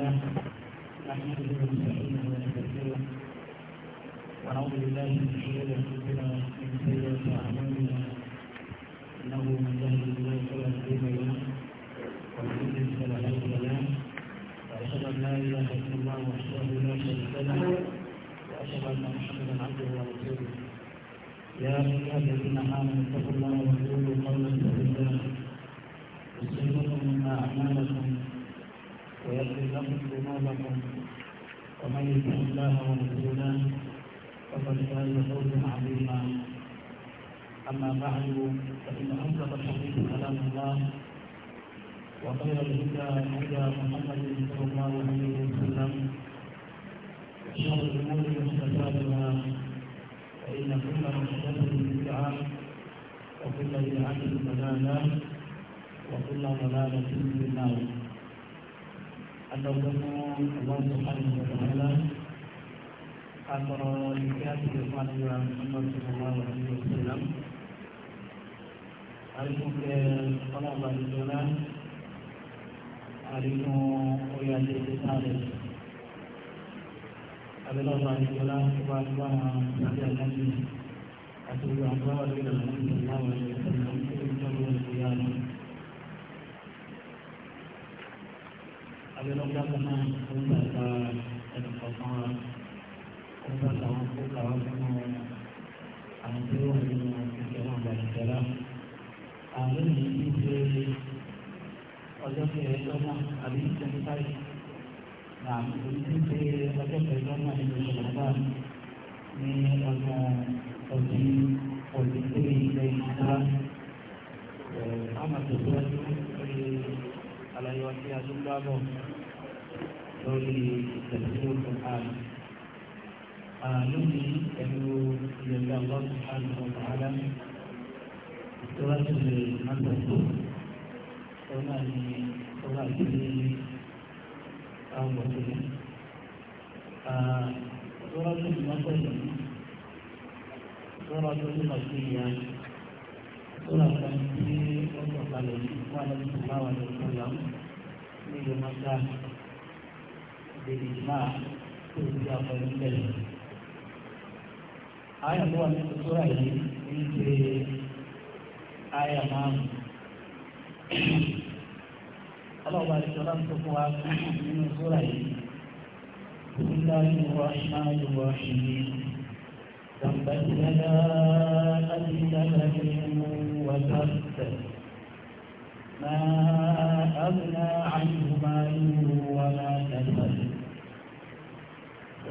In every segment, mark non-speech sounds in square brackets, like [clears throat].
الله نحمده ونستعينه ونستغفره ونعوذ بالله من شرور انفسنا ومن سيئات اعمالنا انه من يهده الله فلا مضل له ومن يضلل فلا هادي له واشهد ان لا اله الا الله وحده لا شريك له واشهد ان محمدا عبده ورسوله يا ايها الذين امنوا اتقوا الله وقولوا قولا سديدا يصلح لكم اعمالكم ويغفر لكم ذنوبكم ومن يطع الله ورسوله فقد فاز فوزا عظيما اما بعد فان اصدق الحديث كلام الله وخير الهدى هدى محمد صلى الله عليه وسلم وشر الامور مستفادها فان كل محدثه بدعه وكل بدعه ضلاله وكل ضلاله في النار adọ́gbọ́nú ọlọ́run tó bá nínú ọ̀rọ̀ ńlá àtọ̀rọ̀ ìgbé àtìgbè fún àdúrà ọlọ́run tó bá wà nínú ọ̀rọ̀ ńlá. àríkún kẹ ọlọ́run bá nínú ọ̀rọ̀ ńlá àríkún oyè àti ètò sáré. abẹ́lẹ́ bá nínú ọ̀rọ̀ ńlá tó bá tó àwọn ìgbàgbé àgbájú àti olùwàgbọ́ àdúrà ọlọ́run tó bá wà nínú ọ̀rọ̀ ńlá abẹ́lọ́gbà kan náà ó ń gbàgbà ẹnu kọ̀ọ̀kan wa ó ń gbàgbà wọn kó kàwá fún wọn àwọn tí ó wà nínú ìṣẹ̀lẹ̀ wọn gbàgbà ìṣẹ̀lá. àwọn ènìyàn ti ṣe ọjọ́ kẹrẹ́dọ́gbọ̀n àbí twenty five náà èyí ti ṣe ọjọ́ kẹrẹ́dọ́gbọ̀n nínú ìṣẹ̀lẹ̀ náà ní ọdún ọdún lórí ìtẹ̀síwò Quran. Lórí ẹ̀rọ ìyẹ̀dá ọlọ́run àlùkò Bàhálà ìtọ́wájú rẹ̀ Mátàtó. Ọ̀nà ni ọ̀rọ̀ àti ilé àwọn ọ̀gbìn. Ọ̀rọ̀ tó ti máa tẹ̀lé ọ̀rọ̀ tó ti máa tẹ̀lé ìyá. Ọ̀rọ̀ kan tí wọ́n sọ̀kalẹ̀ fún àwọn ọ̀gbìn àwọn ọ̀gbìn ní ìlú Mátàtó. بالإجماع في تبقى فنجل آية هو من السورة أنت آية مام الله بارك الله فيكم من السورة بسم الله الرحمن الرحيم تبت لنا أبي لهب وتبت ما أغنى عنه ماله وما تبت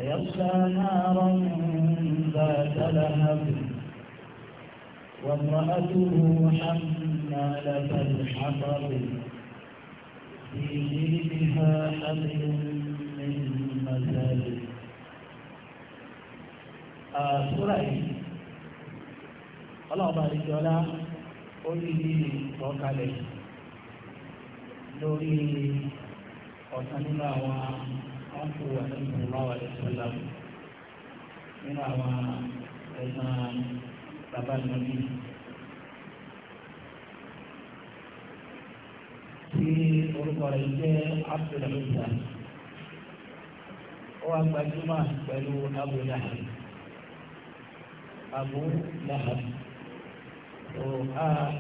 يخشى نارا ذات لهب وامرأته حمالة الحطب في جيدها حبل من مثل آه، سورة إيه؟ الله بارك ولا قولي وكالي lórí وكالي nínú wọ́n kú àtẹ́bí ọlọ́wà ìṣẹ́lá nínú àwọn ẹ̀sán bàbá ìnáwó tí orúkọ rẹ̀ jẹ́ abdulhamidá ó wá gbajúmọ̀ pẹ̀lú abu lahab abu lahab tó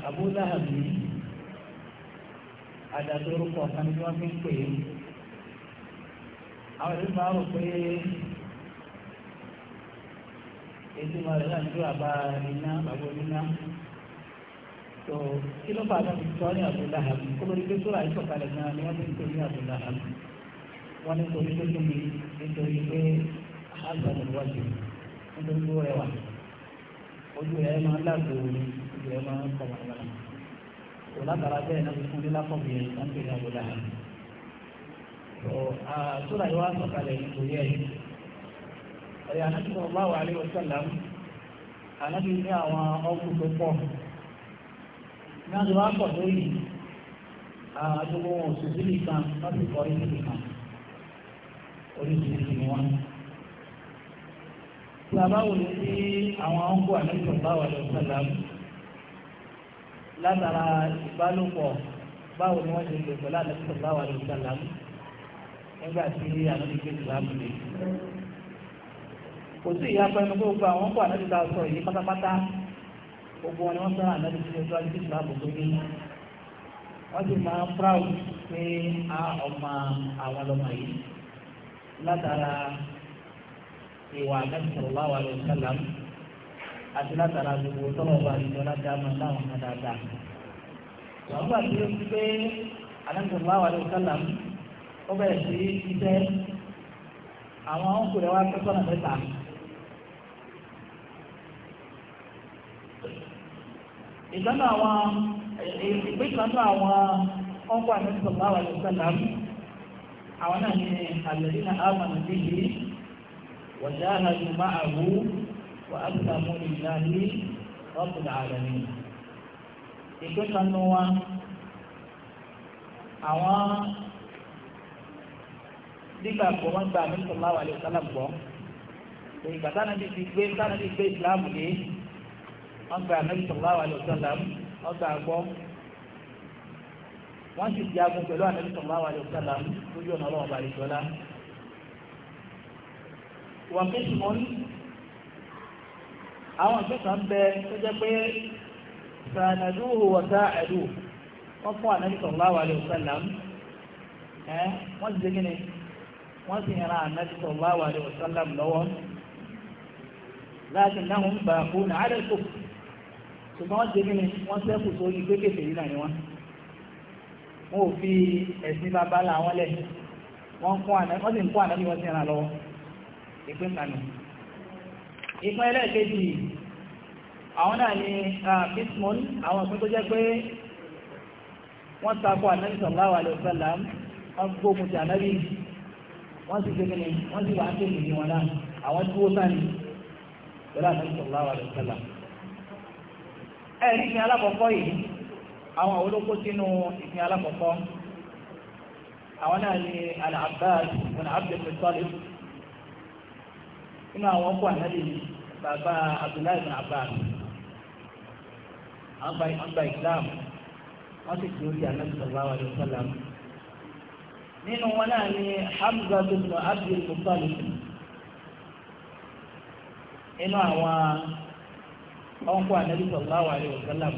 abu lahab ní adatórúkọ kan tí wọ́n fi ń pè é àwọn ìlú máa rò pé ètò ìmọ̀ rẹ̀ náà nílò àbá iná àbò iná tó kí ló fà á láti sọ ní Abu Lahab kó lórí pé sóra ìsọ̀kalẹ̀ náà ni wọ́n ti ń torí Abu Lahab wọ́n ní torí pé kí ni nítorí pé àgbàdo wájú nítorí pé ó rẹwà ojú rẹ̀ máa ń lágbo ojú rẹ̀ máa ń kọ̀ wàlúwàlú kò bẹ́ẹ̀ náà fi fún nílá pọ̀ bìyẹn láti rí Abu Lahab sura yìí wá sọ̀kalẹ̀ nítorí ẹ̀ ẹ̀yà anábì sallallahu alaihi wasallam anábì ní àwọn ọkùn tó pọ̀ ní àti wá pọ̀ lórí àdúgbò òṣèlú nìkan láti kọ́ ilé nìkan oríṣiríṣi ni wọ́n. tí a bá sí àwọn ọkùn anábì sallallahu alaihi wasallam látara ìbálòpọ̀ báwo ni wọ́n ṣe lè pẹ̀lú anábì sallallahu alaihi wasallam nígbà tí àwọn ìgbé ìsìlámù lè kò sí ìyapa ẹnu gbogbo àwọn kó ànábì bá sọ èyí pátápátá gbogbo wọn ni wọn sọ ànábì tí ojú àti ìsìlámù tó ní wọn sì máa proud pé a ọmọ àwọn ọmọ yìí látara ìwà ànábì sallallahu alaihi wasallam àti látara gbogbo tọ́lọ̀bà ìjọba dáama láwọn ọmọ dáadáa. wọ́n gbà tí ó ti pé ànábì ó bẹ̀rẹ̀ sí iṣẹ́ àwọn ọ̀nkù rẹ̀ wá pẹ́ sọ́nà mẹ́ta. ìkànnì àwọn ìpín kan náà àwọn ọ̀nkù àmẹ́sọ̀lá wà ní sọ́làm àwọn náà ní àlẹ́rí náà àwọn àmì yìí wọ́n àlàyé máa àwù wọ́n á bùtà mú ìlànà yìí wọ́n bùtà àlàyé ìpín àwọn nígbà gbọ́ wọ́n gba àmì sallallahu alaihi wasallam gbọ́ ìgbà tánàbí ti gbé tánàbí gbé ìsìláàmù dé wọ́n gba àmì sallallahu alaihi wasallam wọ́n gba gbọ́ wọ́n sì jagun pẹ̀lú àmì sallallahu alaihi wasallam lójú ọ̀nà ọlọ́wọ́ balẹ̀ sọ́lá. wọ́n fi sùn àwọn ìgbésà ń bẹ tó jẹ́ pé sànàdúhù wọ̀tá ẹ̀dù wọ́n fún àmì sallallahu alaihi wasallam wọ́n ti wọ́n sì ran ànábì sallallahu alaihi wasallam lọ́wọ́ láti náà ń bà kú ní àdẹ́kù ṣùgbọ́n wọ́n ṣe kíni wọ́n sẹ́kù sórí pé kèfèrí náà ni wọ́n wọn ò fi ẹ̀sìn bàbá la wọn lẹ̀ wọ́n sì ń kó ànábì wọ́n sì ran lọ́wọ́ ìpín kanù ìpín ẹlẹ́ẹ̀kejì àwọn náà ni bismol àwọn ìpín tó jẹ́ pé wọ́n takò ànábì sallallahu alaihi wasallam wọ́n gbógun ti wọ́n sì gbẹ́gbẹ́ ni wọ́n sì wà á tẹ̀lé ní wọn náà àwọn tí ó sáni pẹ̀lú àtàkùn sọ̀rọ̀ àwọn àdìsẹ́là. ẹ̀rí ìpín alákọ̀ọ́kọ́ yìí àwọn olóko sínú ìpín alákọ̀ọ́kọ́ àwọn náà ni Al-Abbas ibn Abd nínú àwọn ọkọ̀ ànábì bàbá Abdullahi ibn Abbas àwọn gba ìsìlámù wọ́n sì kí ó di ànábì sọ̀rọ̀ àwọn àdìsẹ́là nínú wọn náà ni Hamza ibn Abdul Muttalib inú àwọn ọkọ̀ ànábì sallallahu alaihi wasallam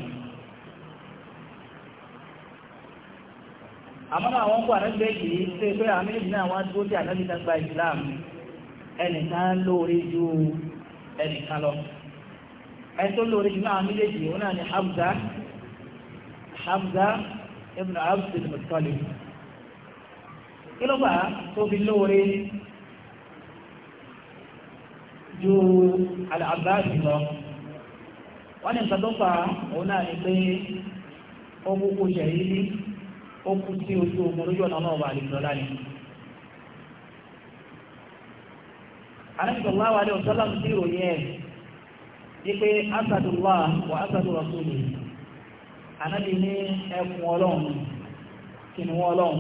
àmọ́ àwọn ọkọ̀ àrẹ́gbẹ́ yìí tó ẹgbẹ́ àmì náà wọ́n tó tí ànábì náà gba Islam ẹnìkan lóore ju ẹnìkan lọ ẹni tó lóore ju náà méjèèjì òun náà ni Hamza Hamza ibn Abdul Muttalib kí ló bá tó fi lóore ju alábáàsì lọ wọ́n ní nǹkan tó fà òun náà ni pé ó kú kú ṣe yìí ó kú sí ojú ogun lójú ọ̀nà ọlọ́ọ̀bà àlejòlá ni. anábìsọ̀lá wa ní ọ̀sọ́lá ti ròyìn ẹ̀ ní pé asadùlá wà asadu rasúlù anábì ní ẹkùn ọlọ́run kìnìún ọlọ́run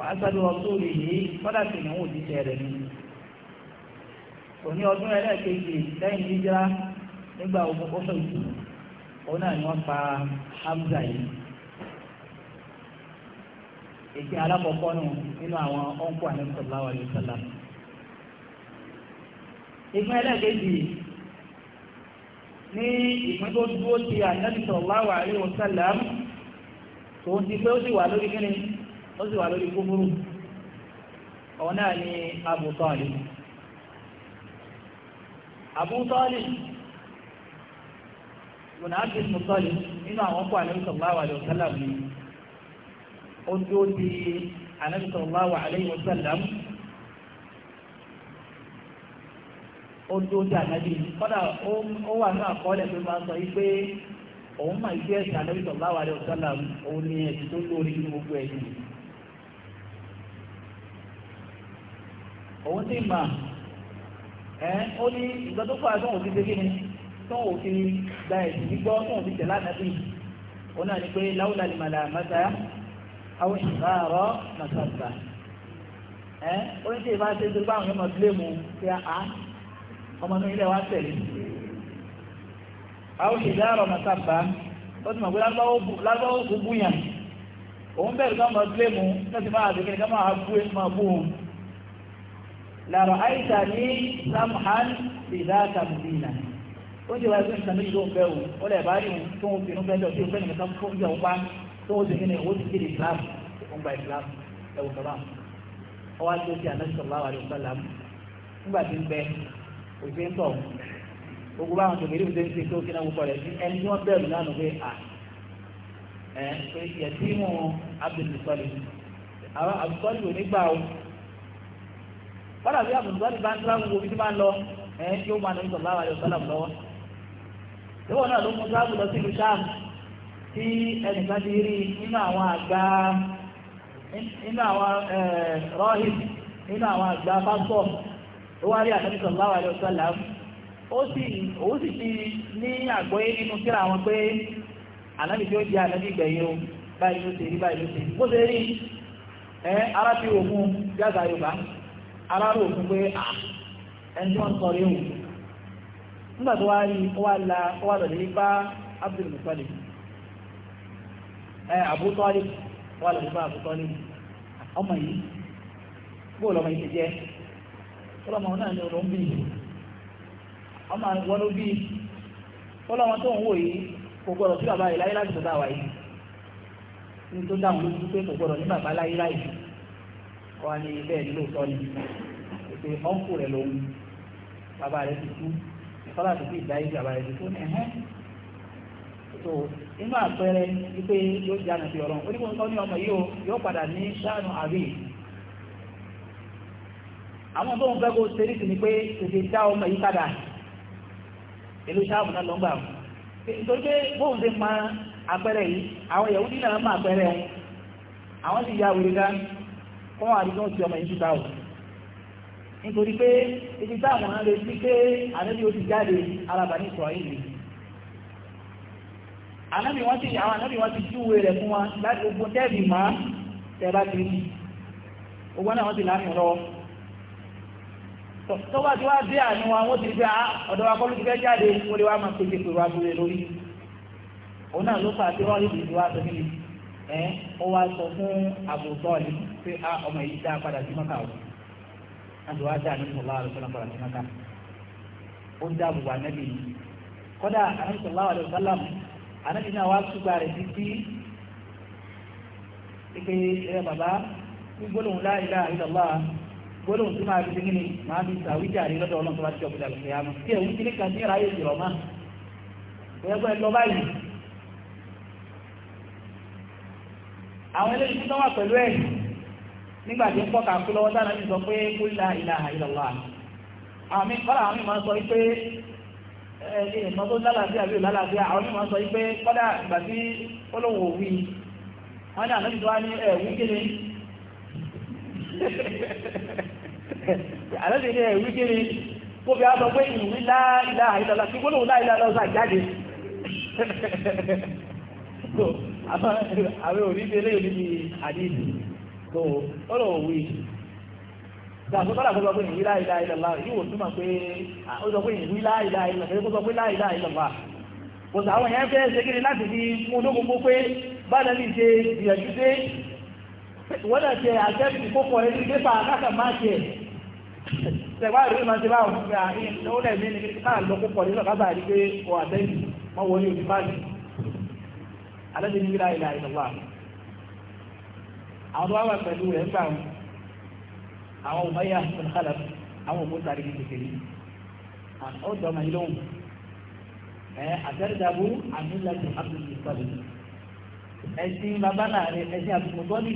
wà á sáré ọtún rè yìí kọ́dà sí ìnáwó òjíṣẹ́ rẹ̀ ni. òní ọdún ẹlẹ́ẹ̀kejì lẹ́yìn jíjá nígbà ogun kọ́sọ̀ ìlú òun náà ni wọ́n pa Hamza yìí. èké alákọ̀ọ́kọ́ nù nínú àwọn ọ̀nkú àníkọ̀ọ́lá wa lè sọ̀lá. ìpín ẹlẹ́ẹ̀kejì ní ìpín tó dúró ti ànábìsọ̀ láwàárí òun sálàm tòun ti pé ó sì wà lórí kíni ó sì wà lórí kúmúrú òun náà ni Abu Talib Abu Talib ìbùnà Abdul Muttalib nínú àwọn kó àlẹ́ sallallahu alaihi wasallam ni ó dúró di Ànábì sallallahu alaihi wasallam ó dúró di ànábì kọ́dà ó wà ní àkọọ́lẹ̀ tó máa sọ wípé òun máa ń gbé ẹ̀sìn Ànábì sallallahu alaihi wasallam òun ni ẹ̀sìn tó lórí gbogbo ẹ̀sìn. òun sì mà ẹ́ ó ní ìgbà tó fà tóun ti ṣe kí ni tóun ti gba ẹ̀sìn gbígbọ́ tóun ti tẹ̀lé ànábì òun náà ni pé láwùlà lè màlà màtà àwọn ìṣàrọ̀ màtàtà ẹ́ ó ní tí ìbá ṣe tó bá àwọn ọmọ bílẹ̀mù kí a ọmọ inú ilé wa tẹ̀lé àwọn ìṣàrọ̀ màtàtà ó ti mọ̀ pé lágbàwó kú búyàn òun bẹ̀rù ká mọ̀ bílẹ̀mù náà ti máa àgbẹ̀kẹ́ ká máa bú máa bú òun làrọ̀ àìsà ní samhan ìdá kàmùdínà ó jẹ́ wáyé fún ìsàmì ìlú ọ̀fẹ́ òun ó lẹ̀ bá rí òun tó ń fi inú bẹ́ẹ̀ lọ sí òfin nìkan fún ìjọ ọ̀pá tó ń sèkínì owó ti kéde islam òun gba islam ẹ̀wù kaba ó wá tó ti ànáṣì sọ̀rọ̀ àwọn àdìgbò sálàm nígbà tí ń bẹ òṣè ń tọ̀ gbogbo báwọn tó kéde òṣè ń ṣe tó kí náà wọ́pọ̀ rẹ̀ sí ẹni tí wọ́n bẹ̀rù lánàá pé à ẹ̀ pé yẹtí mu abdulsali àwọn abdulsali ò ní gbà kọ́dà bí àbùdùbálì bá ń tíráàbù tí máa ń lọ ẹ̀ yóò máa lọ ìsọ̀lá wa yọ̀sọ́lá lọ́wọ́ ìwọ náà ló mú tíráàbù lọ sí ìlú sáàmù tí ẹnìkan ti rí nínú àwọn àgbà nínú àwọn rọ́hìn nínú àwọn àgbà pásọ̀ ó wá rí àtẹ́bí sọ̀lá wa yọ̀sọ́lá ó sì òun sì ti ní nínú kíra pé ànábì tí ó di ànábì o báyìí ló rí báyìí ló aráàlú òkú pé ẹni wọ́n sọ rí òun nígbà tó wá rí wá la ó wá lọ́dẹ̀ bá Abdul Muttalib ẹ Abu Talib ó wá bá Abu ọmọ yìí bóòlù ọmọ yìí ti jẹ́ ọlọ́mọ náà ni ọlọ́mọ bíi ọmọ bíi ọlọ́mọ tó ń wò yìí kò sí bàbá láyé láti tó dáwà yìí ní tó pé kò ní wọ́n á ní ilé ẹ̀ lóòótọ́ ni ètò ọ̀nkù rẹ̀ lòun bàbá rẹ̀ ti kú ìfọ́lá ti fi ìdáyé bàbá rẹ̀ ti kú ẹ̀hẹ́n tó inú àpẹẹrẹ wípé yóò jáde sí ọ̀rọ̀ onígbòǹkan ní ọmọ yìí yóò padà ní sáànù àbí àwọn tó ń fẹ́ kó ṣe nítìní pé tètè dá ọmọ yìí padà ìlú sáàmù náà lọ́gbà nítorí pé bóun ṣe máa àpẹẹrẹ yìí àwọn Yahudi wọ́n wà nínú ti ọmọ o nítorí pé ibi táwọn ń retí pé ànábì ó ti jáde alábàání wọ́n ti àwọn wọ́n ti júwe rẹ̀ fún láti tẹ́ẹ̀bì ti rí náà wọ́n ti lọ wá dé àánú wa wọ́n ti rí pé a ah, ọ̀dọ̀ wa kọ́lù ti fẹ́ jáde lè wá máa pèsè pèrò lórí òun náà ẹ ó wá sọ fún a ah, ọmọ yìí dá padà sí mọ́kà wọn àti wá dá nínú ọlá àlùfẹ́ padà sí mọ́kà ó dá àbùbà nẹ́bì yìí kódà àrùsọ̀lá àlùsálàmù ànábì náà wá túgbà rẹ̀ títí ike ẹ bàbá ní gbólóhùn gbólóhùn tí máa fi ṣe kíni máa fi àwọn eléyìí tó wà pẹ̀lú ẹ̀ nígbàtí ń pọ̀ kú lọ́wọ́ ní sọ pé kú ilá àwọn mi kọ́lá sọ pé ìmọ̀ tó lálàáfíà bí lálàáfíà àwọn sọ pé kọ́dà ìgbà tí olówó wí wọ́n ní àlejò wá ní ẹ̀wú kíni ní ẹ̀wú kíni kó sọ pé [laughs] àwọn òbíbi eléyìí níbi àdìsí tó ọ̀rọ̀ òwe gbàgbọ́ bá dàgbọ́ pé ìwí láìlá ìlàlá yìí wò túmọ̀ pé ó sọ pé ìwí láìlá ìlàlá pé kó sọ pé láìlá ìlàlá kò sàwọn èèyàn fẹ́ ṣe kiri láti fi mú ológun gbó pé bá dàbí ṣe ìyàjú dé wọ́n náà ṣe àtẹ́bìtì kókò ẹ̀ ní pépà káàkà máa ṣe ṣẹ̀wá ìrírí máa ṣe bá òun pé àárín ó lẹ̀ mí ní káà lọ kókò nílò kábàárí pé ọ àtẹ́bìtì wọ́n wọlé òní báyìí alẹ́bí ní la ilaha illallah àwọn tó wá wà pẹ̀lú rẹ̀ ń gbà wọn àwọn òmáyà ìfẹ̀lẹ́kàlà àwọn òmó sáré ní kékeré ó jọ ọmọ yìí lóhùn ẹ àtẹ́rẹ́dàbó àmìlẹ́tì abdulmi sọ́lì ẹ̀sìn bàbá náà rẹ̀ ẹ̀sìn àbùkù sọ́lì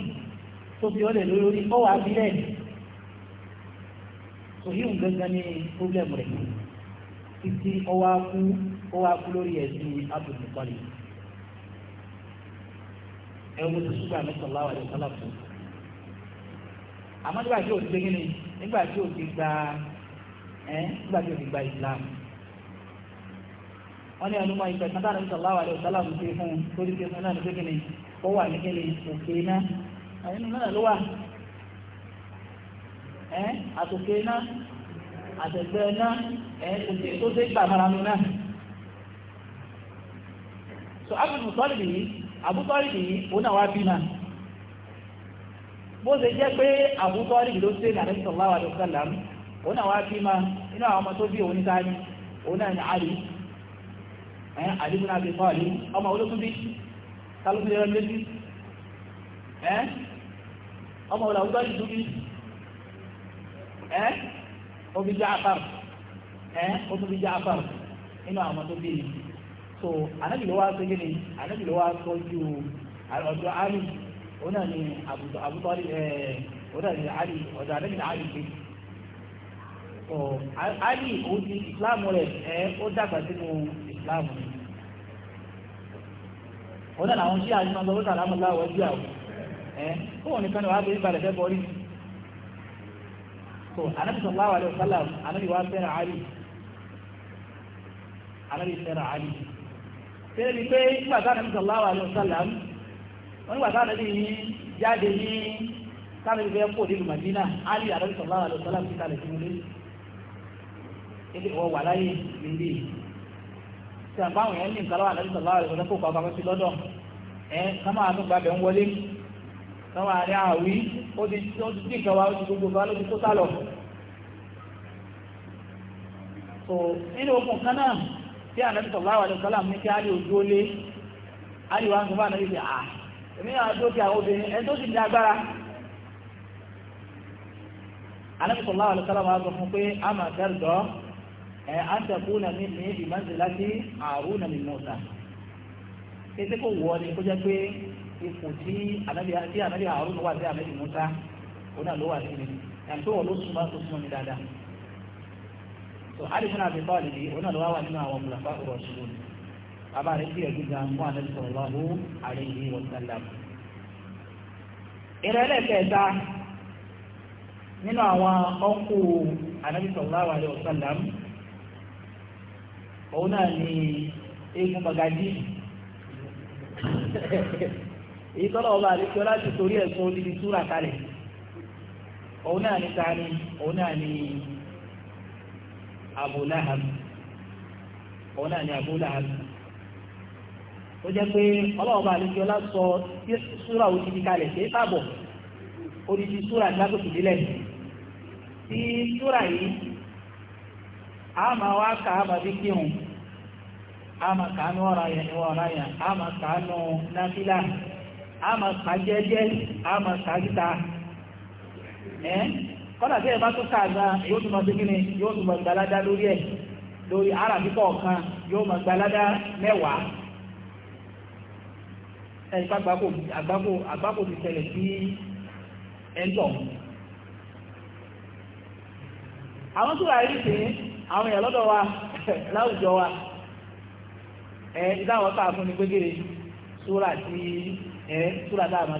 tó fi ọlẹ̀ lórí ó wà á bílẹ̀ ní pọ́blẹ́mù rẹ̀ títí ó wá kú ó lórí ẹ̀sìn abdulmi sọ́lì. ẹ̀rọ mo ti ṣúgbà mẹ́sàn láwà ní sọ́lá fún un. àmọ́ nígbà tí o ti gbẹ́gẹ́ nígbà tí o ti gba ẹ́ nígbà tí o ti gba Islam. wọ́n ní ẹnu mọ ìfẹ́ kan táwọn mẹ́sàn láwà ní sọ́lá fún un fún un lórí pé fún un náà mara náà. so àbútọ́rìbì yìí ó náà wá bí náà bó ṣe jẹ́ pé àbútọ́rìbì ló ṣe ó náà wá bí máa inú àwọn ọmọ tó bí òun òun náà ní àlè náà fi kọ́ àlè ọmọ olókùn bí kálukú lè rán létí ẹ̀ ọmọ òun àbútọ́rìbì tó bí ẹ̀ ó bí Jaafar ẹ̀ ó tún bí inú àwọn ọmọ tó bí so anabi ló wá sọ yé ni anabi ló wá ju ọ̀dọ̀ ali ọ̀nà ni àbùtọ̀ ali ẹ̀ ni ali ọ̀dọ̀ anabi ni ali gbé so ali òun ti islam rẹ̀ ẹ̀ ó dàgbà sínú islam rẹ̀ ọ̀dọ̀ làwọn ṣí àjùmọ̀ ọ̀dọ̀ ọ̀dọ̀ àlámọ̀ láwọ̀ ẹgbẹ́ àwọn ẹ̀ kóhùn nìkan ni wàá bẹ ìbàlẹ̀ fẹ́ bọ́rí so anabi sallallahu alaihi wasallam anabi wa fẹ́ràn ali anabi fẹ́ràn ali tẹ́lẹ̀ ni pé nígbàtà nàbí sallallahu alaihi wasallam wọ́n nígbàtà nàbí jáde ní sáàbí fẹ́ kó nílùú Madina Ali àdàbí sallallahu alaihi wasallam ti kalẹ̀ fún mi ilé ìwọ wà láyé níbí tí a báwọn yẹn ní nǹkan lọ́wọ́ àdàbí sallallahu alaihi wasallam kó kọ́ àpapọ̀ sí lọ́dọ̀ ẹ kámá àtúgbà bẹ̀ ń wọlé kámá àrí àwí ó ti dín ìkẹwà ó ti gbogbo bá ló kó sálọ. so nínú okùn kan tí ànábì sallallahu alaihi wasallam ní kí á lè ojú ó lé á lè wá ń sọ fún ànábì pé à ah, èmi náà tó ti àwọn obìnrin ẹni tó sì ní agbára ànábì sallallahu alaihi wasallam wá sọ fún pé a máa dẹ́rùdọ́ ẹ̀ á tẹ̀kú nà mí ní ìmọ̀sí láti àrùn nà mí mọ̀ọ́sà kété kò wọ́ ni kó jẹ́ pé ipò tí ànábì àrùn wà sí ànábì mọ̀ọ́sà òun náà ló wà sí mi tó Ali ibn Abi Talib òun náà ló wá wà nínú àwọn mùlàfà ọ̀rọ̀ ṣùgbọ́n bàbá rẹ̀ bí ẹ̀gbẹ́ gan mú Ànábì sallallahu alayhi wa sallam. ìrẹ̀lẹ̀ kẹta nínú àwọn ọ̀nkù Ànábì sallallahu alayhi wa sallam òun ni eégún Bàgádì èyí tọ́lọ̀ ọba àlejò láti torí ẹ̀sùn odidi túra kalẹ̀ òun náà ni tani òun náà ni Abu Lahab òun náà ni Abu Lahab ó jẹ́ pé ọlọ́ọ̀bá àlejòọlá sọ súra òjì ti kalẹ̀ sí sábọ̀ odidi súra lágòkè nílẹ̀ tí súra yìí a máa wá kà á a máa kà nú ọ̀rá yẹn ní ọ̀rá yẹn a máa kà nú náfílà a máa kà jẹ́jẹ́ kọ́nà tí ẹ bá tún káàgbá yóò tún máa gbégbé yóò tún máa gbalada lórí ẹ̀ lórí arábí kọ̀ọ̀kan yóò máa gbalada mẹ́wàá ẹni ti ṣẹlẹ̀ sí ẹ̀ńtọ̀ àwọn tó àwọn èèyàn lọ́dọ̀ wa [laughs] wa fún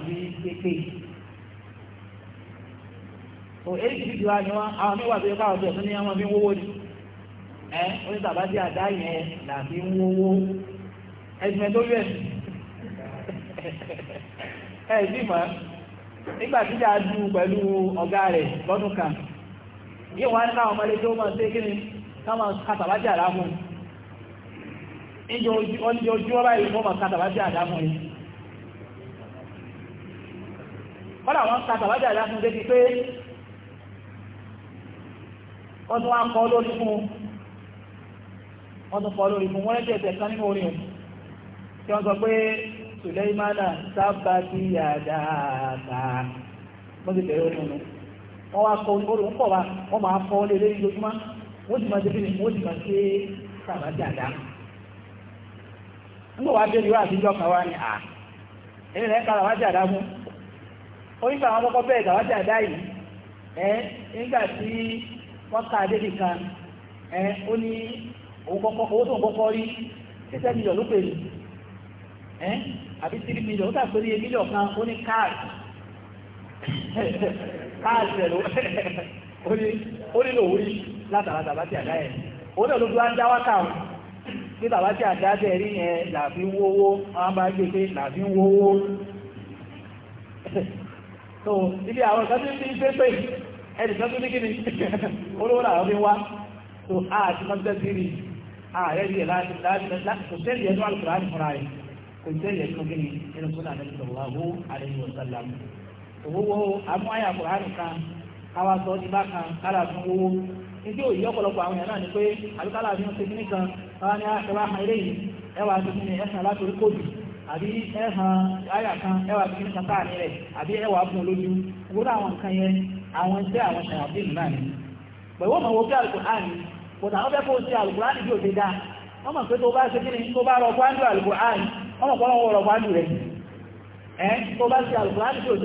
ni oríṣiríṣi wa ni wọn àwọn mẹ́wàá tó yẹ káwọn tó ní àwọn fi ń wówó ni ẹ oní tàbá tí àdá yẹn là fi ń wówó ẹsùn tó yẹ [laughs] ẹ sì mọ nígbà tí dáa du pẹ̀lú ọ̀gá rẹ̀ lọ́dún kan yíò wá ní káwọn ọmọdé tó máa ṣe kí ni káwọn kàtàbá tí àdá fún ìjọ ojú ọba yìí fún ọmọ kàtàbá tí àdá fún yìí kọ́dà wọn kàtàbá tí àdá fún débi pé wọ́n tún wá ń kọ́ lórí fún wọ́n tún lórí fún wọ́n lẹ́jọ́ kan nínú orin tí wọ́n sọ pé Sùlẹ́mánà sábà ti wọ́n ti bẹ̀rẹ̀ orin wọ́n wá pọ̀ wá wọ́n máa lé lórí wọ́n máa ṣe bíi wọ́n máa ṣe sábà ti nígbà wàá kan wá ní à rẹ̀ wọ́n ká adébì kan ẹ ó ní owó tó ń kọ́kọ́ rí títẹ́ mílíọ̀nù ló pè mí ẹ àbí tírí mílíọ̀nù ó tà pé iye kan ó ní káàdì [laughs] káàdì rẹ̀ [laughs] ó ní lòun rí látara tàbá ti àdá yẹn náà ló fi wá dá wákà o rí yẹn làfi wówó ẹnìkan tó ní kí ni [laughs] olówó làwọn fi wá tó àti mọ́tẹ́ sí rí ààrẹ rí ẹ̀ láti kò tẹ́lẹ̀ ẹ̀dọ́ àlùkò láti fúnra rẹ̀ kò tẹ́lẹ̀ ẹ̀dọ́ kí ni ẹnu fún àlẹ́ ìṣòwò àlejò ọ̀sálàmù òwúwo àmú àyà kùránù kan àwa sọ ti bá kan kára fún owó ìdí òyì ọ̀pọ̀lọpọ̀ àwọn èèyàn náà ni pé àbíkálà fi ń ṣe kíní kan káwá ní ah, ẹwà kan eléyìí ẹwà ti fún mi ẹ̀sán láti orí kóòtù àbí ẹ̀hàn àyà kan ẹwà ti kíní kan káà nílẹ̀ àbí ẹwà fún olójú gbogbo àwọn iṣẹ́ àwọn ṣàyàfíìmù náà ni pẹ̀lú ọmọ wo kí alukur'ani kò tàwọn fẹ́ kó ṣe alukur'ani bí daa. Ọ wọ́n mọ̀ pé tó bá ṣe kíni tó bá rọ kwáńdù alukur'ani wọ́n mọ̀ pọ́nlọ́wọ́ rọ kwáńdù rẹ̀ ẹ́ tó bá ṣe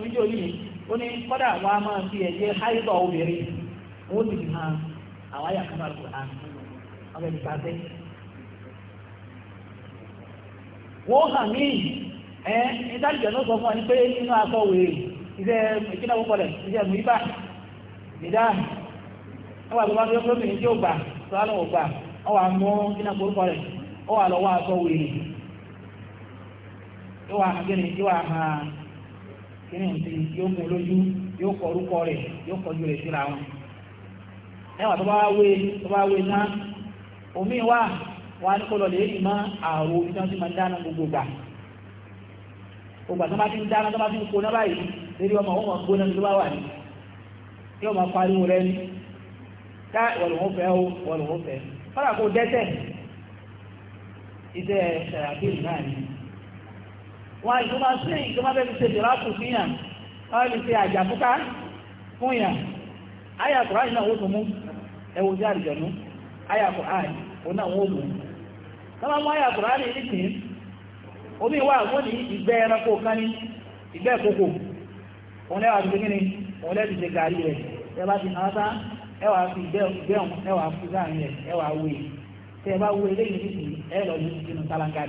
bí tọ́ ó ní kọ́dà wọn a máa fi ẹ̀jẹ̀ háìtọ̀ obìnrin wọ́n ti fi hàn àwọn àyà kan àlùkò hàn àwọn ẹ̀mí pàṣẹ. wọ́n hàn mí ẹ̀ ìdájọ́ náà sọ fún wa ní pé nínú akọ wèrè iṣẹ́ ìkíná púpọ̀ rẹ̀ iṣẹ́ mú ibà ìdá ẹwà tó bá fi ọkọ̀ obìnrin tí ó gbà tó á lọ́wọ́ gbà ọ wà mú ìkíná púpọ̀ rẹ̀ ọ wà lọ́wọ́ akọ wèrè ìwà àgbẹ̀rẹ̀ ìwà àhàn kíni ìsìn yóò mú lójú yóò kọ orúkọ rẹ̀ yóò kọjú rẹ̀ síra wọn ẹwà tó bá wé tó bá wé náà omi wà wọn ní kó lọ lè rí mọ́ àrò omi tí wọ́n ti máa ń dáná gbogbo gbà ògbà tó bá ti ń dáná tó bá ti ń kó náà báyìí lérí ọmọ ọmọ gbóná tó bá wà ní yóò máa pariwo rẹ ní ká wọ̀lùwọ́n fẹ́ ó wọ̀lùwọ́n fẹ́ fọ́nà kó dẹ́sẹ̀ iṣẹ́ ṣàyàfíìlì náà ni wọn ìlú máa sí ìlú bẹ́ẹ̀ fi ṣe yàn wọ́n lè ṣe àjàkúká fún yàn àyà kùránì náà ó tún mú ẹwọ sí àdìjọ̀nú àyà kùránì ó náà wọ́n mú tọ́lá mú àyà kùránì nìkín omi wà wọ́n ní ìgbẹ́ ẹranko kan ní ìgbẹ́ òun fi kíni òun ṣe gàrí rẹ̀ ẹ bá ti ẹ fi ìgbẹ́ fi láàrin rẹ̀ ẹ ẹ bá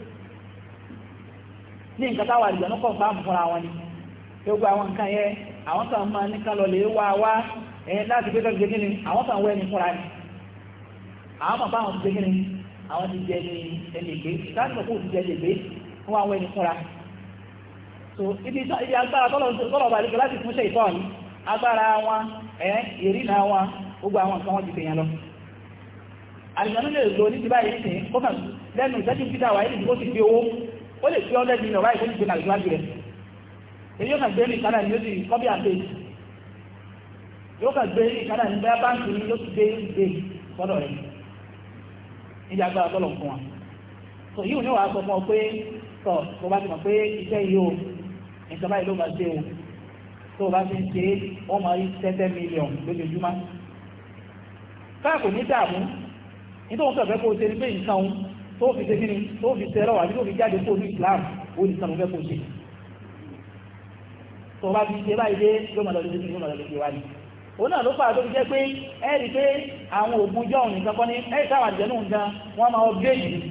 ní nǹkan táwọn àlùjànnú kọ̀ fáàmù fúnra wọn ni gbogbo àwọn nǹkan yẹn àwọn kan máa ní kálọ̀ lè wá wá ẹ̀yẹn láti gbé kẹ́kẹ́ gíní àwọn kan wẹ́ ní fúnra ni àwọn kan fáwọn ti gbé gíní àwọn ti jẹ ní ẹnì gbé láti mọ̀ kó ti jẹ ní gbé fún àwọn ẹni fúnra so ibi agbára tọ́lọ̀ bá dìgbà láti fún ṣe ìtọ́ ni agbára wọn ẹ̀ ìrìnà wọn gbogbo àwọn nǹkan wọn ti fèèyàn lọ àlùjànnú lè lo ní ti báyìí sìn kó kàn lẹ́nu ìṣẹ́jú ó lè fi ọ́lẹ́dì ní ọ̀rá ìgbóni ìgbéka ìgbájú rẹ̀ èyí ó kàn gbé ní ìkádà ní oṣù kọ́bí àgbè yóò kàn gbé ìkádà ní bẹ́ẹ̀ báńkì ní ló ti gbé ìgbé sọ́dọ̀ rẹ̀ níbi agbára tọ́lọ̀ fún wa tó yíò ní wàá sọ fún ọ pé tọ̀ tó bá ti mọ̀ pé iṣẹ́ yìí o ìjọba yìí ló bá ṣe o tó bá ti ń ṣe ó máa rí tẹ́tẹ́ mílíọ̀nù lójoojúmọ́ káàkó ní dààmú nítorí wọn kàn fẹ́ kó o ṣe ní pé nǹkan tó fi ṣe kíni tó fi ṣe rọwà bí tó fi jáde kó ní Islam ó ní sàmúfẹ́ kó ṣe tó bá fi ṣe báyìí dé yóò máa lọ lórí yóò máa lọ lórí wáyé òun náà ló fà tó fi jẹ́ pé ẹ rí pé àwọn òògùn jọ òun nìkan kọ́ ní ẹ táwọn àjẹnú nǹkan wọ́n máa upgrade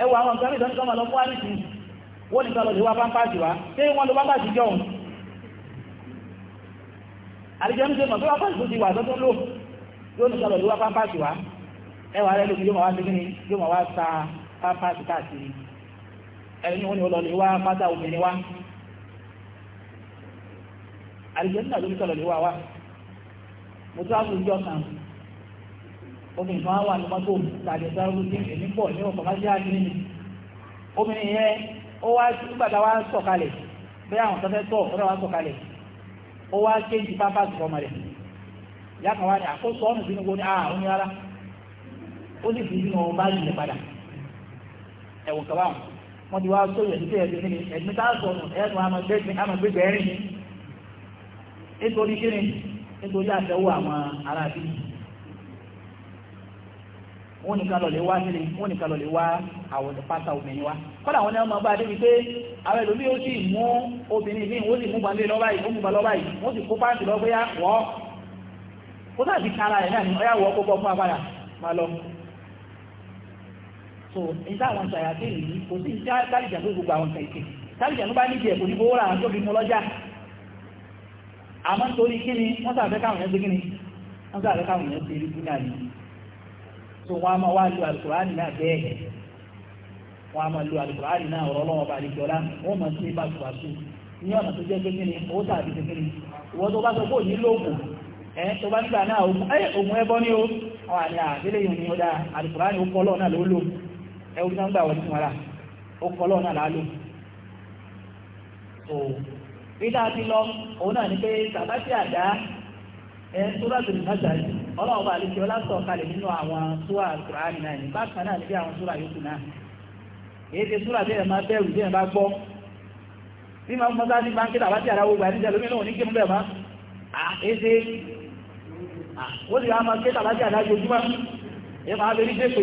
ẹ wọ àwọn nǹkan mìíràn nìkan máa lọ fún àrísì wọ́n nìkan lọ lè wá pampasì wá ṣé wọ́n lo pampasì jọ òun àríjẹ́nu ṣe mọ̀ tó wá pampasì tó ti wà tó tó lò yóò nìkan lọ lè wá pampasì wá ẹwà rẹ̀ lómi yóò máa wá sí yóò máa wá sa pápásì káàkiri ẹni ní ni ọlọ́lẹ̀ wá pátá obìnrin wá àríjẹ́ nígbà tó ní wá wá mo tó ápù ìjọ kan obìnrin kan wà ní mọ́tò tàbí ẹ̀sọ́rọ̀ tí èmi pọ̀ ní ni obìnrin yẹn ó wá wá ó sì fi sínú báàgì rẹ̀ padà ẹ̀wọ̀n kaba wọn wọn ti wá sóyè ní kéèyàn ní ẹ̀dùn tá a sọ nù ẹ̀dùn amagbégbé ẹ̀rín ni nítorí kíni nítorí àtẹ̀wò àwọn ará bí wọn nìkan lọ lè wá nílé wọn nìkan lọ lè wá àwọn pátá obìnrin wa kọ́dà wọn ni wọn máa bá a débi pé àwọn ẹlòmíì ó sì mú obìnrin míì wọ́n sì mú balẹ̀ lọ́ba yìí wọ́n mú balẹ̀ lọ́ba yìí wọ́n sì kó páàkì lọ́gbẹ́yà wọ́ ó sáà ti kára ẹ̀ náà ni ọ̀yà wọ́ kó bọ́ fún apáyà máa lọ so ìta àwọn ṣàyàtì yìí kò sí káàdìjà ló gbogbo àwọn kẹ̀kẹ́ káàdìjà ló bá níbi ẹ̀kọ́ ní gbówó ràn tó fi mú lọ́jà àmọ́ torí kí ni wọ́n sàfẹ́ káwọn yẹn ṣe kí ni wọ́n sàfẹ́ káwọn yẹn rí fún náà so wọ́n á máa wá lu alukurani náà bẹ́ẹ̀ wọ́n á máa lu alukurani náà ọ̀rọ̀ lọ́wọ́ bá àlejò ọlá wọ́n máa ṣe bá ní ọ̀nà tó jẹ́ pé kí ni owó tàbí ṣe kí ni ìwọ́n tó bá sọ pé òní lóògùn ẹ̀ tó bá nígbà náà ogun ẹbọ ní o àwọn àlẹ́ àdélé ni ó dá alukurani ó kọ́ lọ́ọ̀ náà ló lóògùn ẹwù tí wọ́n gbà wọlé fún wa rà ó kọ́ lọ́wọ́ náà lálò so bídà ti lọ òun náà ni pé sàbátì àdá ẹ sóra tó ní mọ́tà yìí ọlọ́run bá àlejò ọlásọ̀ kalẹ̀ nínú àwọn súwà kùránì náà ní bákan náà níbi àwọn súwà yòókù náà èyí ti súwà bí ẹ̀ máa bẹ̀rù bí ẹ̀ bá gbọ́ bí máa mọ́tà ní báńkì tàbátì àdá gbogbo àníjà lómi náà ò ní kí mú bẹ̀ mọ́ àéṣe ó sì máa ké tàbátì àdá jojúmọ́ ẹ máa bẹ̀rù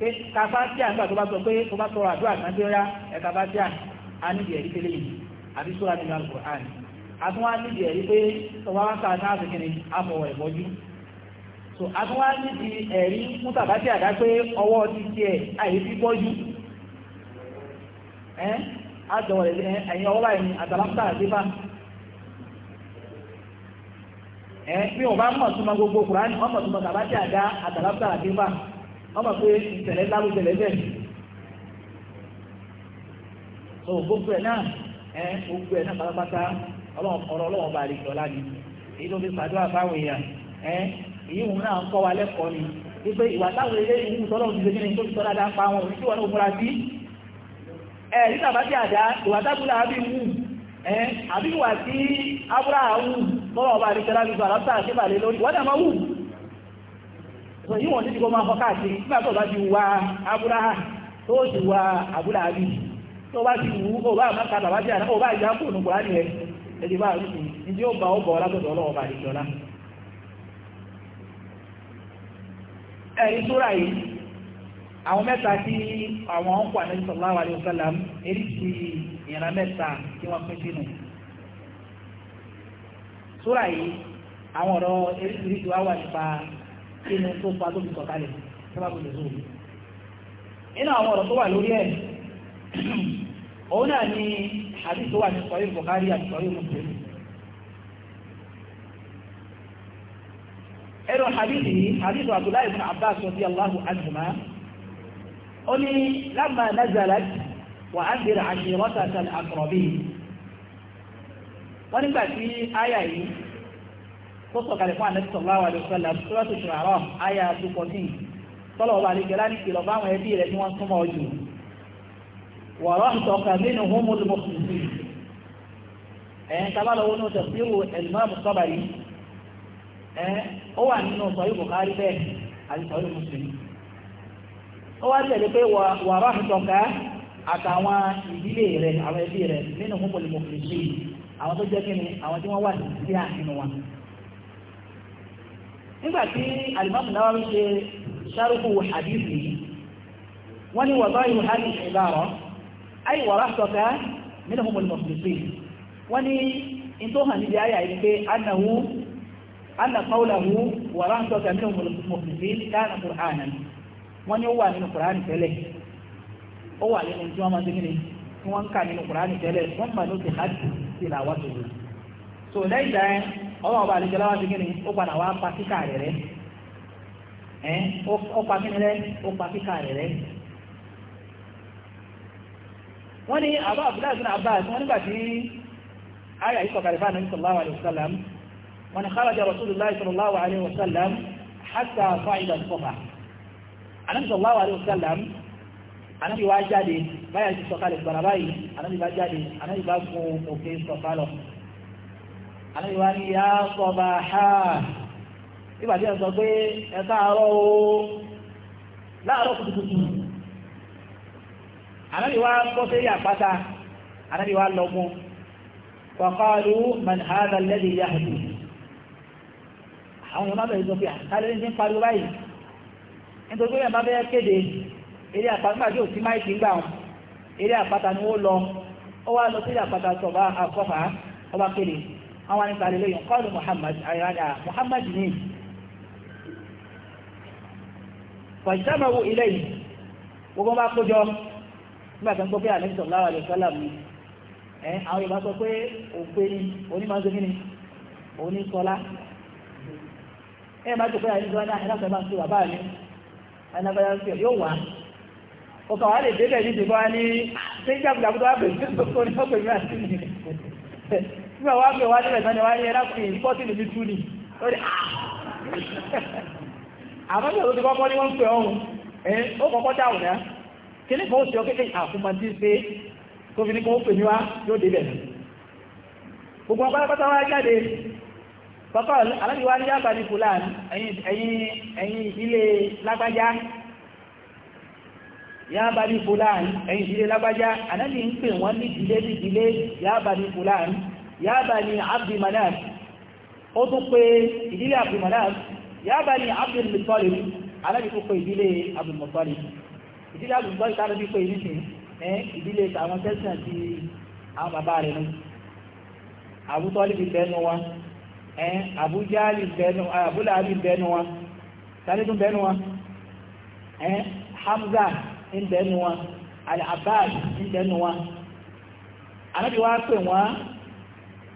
pé kàfáàtíà nígbà tó bá sọ pé tó bá tọrọ àdúrà kan ẹ kàfáàtíà a níbi ẹ̀rí tẹ́lẹ̀ yìí àbí sóra nínú Al-Qur'an àtúnwá níbi ẹ̀rí pé ọba wá sáà náà fìkìrì ẹ̀bọ́jú so àtúnwá níbi ẹ̀rí fún tàbátì àdá pé ọwọ́ ti tiẹ̀ àyè fi bọ́jú ẹ́ àtọwọ̀ ẹ̀yìn ọwọ́ báyìí ni àtàlámùtà bá mọ̀ wọ́n mọ̀ pé ìtẹ̀lẹ́ lárúgbẹ̀lẹ́ bẹ́ẹ̀ so gbogbo ẹ̀ náà ẹ gbogbo ẹ̀ náà pátápátá ọ̀rọ̀ ọlọ́wọ́n bá rí ìjọlá ni èyí ló fi pàdúrà fáwọn èèyàn ẹ èyí òun náà ń kọ́ wa lẹ́kọ̀ọ́ ni wípé ìwà táwọn ilé ìwú tọ́lọ́run ti gbẹ́ni tó ti tọ́ dáadáa pa wọn òní wọn náà múra sí ẹ nígbà bá ti àdá ìwà tábùlà àbí wù ẹ àbí ìwà tí abúlà wù tọ́lọ́run bá rí ìjọlá ní yíwọ̀n títí kó máa fọ́ káàkiri nígbà tó bá ti wà abúláhà tó sì wà abúláhàbí tó bá ti wù ó bá máa kàbà wájú àná ó bá ìjà kò nù kùránì rẹ̀ ẹ̀dì bá rí sí ìdí ó bá ó bọ̀ látọ̀dọ̀ ọlọ́wọ́ bá ìjọlá ẹ̀rí súrà yìí àwọn mẹ́ta tí àwọn ọkọ ànábì sallallahu alaihi wasallam èrí ti ìran mẹ́ta tí wọ́n pín sínú súrà yìí àwọn ọ̀rọ̀ èrí ti wá wà nípa kí ni tó pa tó fi sọ̀kalẹ̀ sábàbù nùzúlù nínú àwọn ọ̀rọ̀ tó wà lórí ẹ̀ [clears throat] òun náà ni àbí tó wà ní sọ̀rí Bukhari àti sọ̀rí Muslim ẹ̀rọ hadithi hadithu Abdullahi ibn Abbas radiyallahu anhuma ó ní lámà nazalat wà á bèrè àṣírọ́tà sal aqrabin wọ́n nígbà tí áyà yìí tó sọ̀kalẹ̀ fún ànábì sallallahu alaihi wasallam sọ́rọ́tù ṣùràrọ̀ àyà tó fourteen tọ́lọ̀ ọba àlejòlá ní kìlọ̀ bá àwọn ẹbí rẹ̀ tí wọ́n súnmọ́ jù wọ̀rọ̀ ìtọ́ka nínú homol mọ́kùnrin ẹ̀yìn tabalọ́wọ́ ní tafsiru al-Imam Tabari ẹ̀ ó wà nínú sọ̀yí Bukhari bẹ́ẹ̀ àti sọ̀yí Muslim ó wá tẹ̀lé pé wọ̀rọ̀ ìtọ́ka àtàwọn ìdílé rẹ̀ àwọn ẹbí rẹ̀ nínú homol mọ́kùnrin àwọn tó jẹ́ kí ni àwọn tí wọ́n wà sí àhínú wọn nígbà tí alimami Nawawi ṣe sharuhu hadithi yìí wọ́n ní wàbá yóò há ní ìbára ayé wàrà sọ̀ká nínú homo limosilisi wọ́n ní ìtò hàn níbi ayé àyè pé annahu anna qawlahu wàrà sọ̀ká nínú homo limosilisi kana qur'ana wọ́n ní ó wà nínú qur'an tẹ́lẹ̀ ó wà nínú tí wọ́n máa ti kíni tí wọ́n ń kà nínú qur'an tẹ́lẹ̀ wọ́n mọ̀ ní ó ti hajj sí làwọn tó wù so lẹ́yìn ọlọ́run ọba àlejò aláwá ti kí ni ó padà wá pa kíkà rẹ̀ rẹ̀ ẹ́ ó pa kíni rẹ̀ ó pa kíkà rẹ̀ rẹ̀. wọ́n ní àbá abdullahi bin abbas wọ́n nígbà tí ayà yìí sọ̀kalẹ̀ fáànà sallallahu alayhi wa sallam wọ́n ní kharaja rasulullah sallallahu alayhi wa sallam hatta fa'ida sọ́fà anabi sallallahu alayhi wa sallam anabi wá jáde báyà ti sọ̀kalẹ̀ gbàrà báyìí anabi bá jáde anabi bá gun òkè sọ̀kalọ̀ àníwá ní ya sọba ha ìbàdí ẹ̀ pé ẹ káàárọ̀ o láàárọ̀ kùtùkùtù àníwá bọ́ sí àpáta àníwá lọ́gbọ́n wàkọ́ọ̀lù manhada lẹ́dí yahdu àwọn ọmọ bẹ̀rẹ̀ sọ pé àtàlẹ́ ní pariwo báyìí nítorí pé ẹ̀bá bẹ́ẹ̀ kéde eré àpáta tí ò sí máìkì gbà wọn eré àpáta ni ó lọ ó wá lọ sí àpáta àkọ́fà ọba kéde àwọn nípa lè lóyún kọ́ọ̀lù Muhammad ayọ́dà Muhammad ní fọ̀jọ́mọ̀wò ilé yìí gbogbo bá kójọ nígbà tó ń gbọ́ pé àlẹ́ sọ̀rọ̀ láwà lè sọ́là mi ẹ àwọn Yorùbá sọ pé òpè ni onímọ̀ọ́sọ́mí ni onísọ́lá ẹ máa tó pé àlẹ́ sọ́lá náà ẹ láti máa ń sọ bàbá mi ẹnabẹ́yà ń sọ wá ọkọ̀ wa lè débẹ̀ ní ìdìbò ní ṣé ìjàkùdàkùdà wà bẹ̀rẹ̀ nígbà wá bẹ̀ wá níbẹ̀ tán ni wá ní ẹ̀rá pé ìpọ́tìlì mi tú ni lórí ah! àmọ́jọ́ tó ti kọ́kọ́ ní wọ́n pẹ̀ ọ̀hún ẹ̀ ó kọ́kọ́ dáhùn náà kí ní kan ó sì ọ kékeré àfúnmọ́tí ah, pé tó fi ní kan ó pè ní wá yóò débẹ̀ gbogbo ọpátápátá wá jáde bàbá aláàbíwá ní yàbá ní fúlàn ẹ̀yìn ilé lágbájá yàbá ní fúlàn ẹ̀yìn ilé lágbájá anáàbí ń pè wọ́n ní ìdílé ìdílé yàbá ní fúlàn ya bani abdi manaf ó tún pé ìdílé abdi manaf ya bani abdi muttalib alábi tó pé ìdílé abdi muttalib ìdílé abdi muttalib tánà bí pé ìdílé ìdílé àwọn tẹ́sán ti àwọn bàbá rẹ̀ nù àbútọ́lì bí bẹ́ẹ̀nu wa àbújáàlì bẹ́ẹ̀nu àbúláàbí bẹ́ẹ̀nu wa tánítún bẹ́ẹ̀nu wa hamza ń bẹ́ẹ̀nu wa al-abbas ń bẹ́ẹ̀nu wa alábi wá pè wọ́n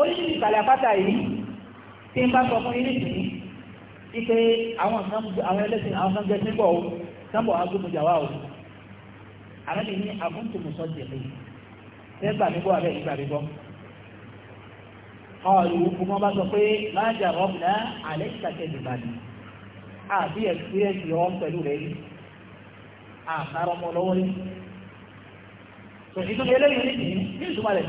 oríṣiríṣi ìsàlẹ̀ àpáta yìí tí ń bá sọ fún yín nìsín ipe àwọn ẹlẹ́sìn àwọn kan jẹ́ síbọ̀ o sábọ̀ agbóhùnjà wa o àmẹ́bí ní àbúntùmùsọ jẹ̀lẹ̀ tẹ́gbà mi gbọ́ abẹ́ ìgbà mi gbọ́ ọ̀rọ̀ ìwòkùn wọn bá sọ pé máa jà rọ́bìnà àlẹ́kìtàkẹ́ ìbàdàn àbí ẹ̀kúrẹ́sì ọ̀ pẹ̀lú rẹ̀ yìí àkàrọ̀ ọmọ lọ́wọ́ rí. tòṣìṣẹ́ eléyìí ní ìtumọ̀ rẹ̀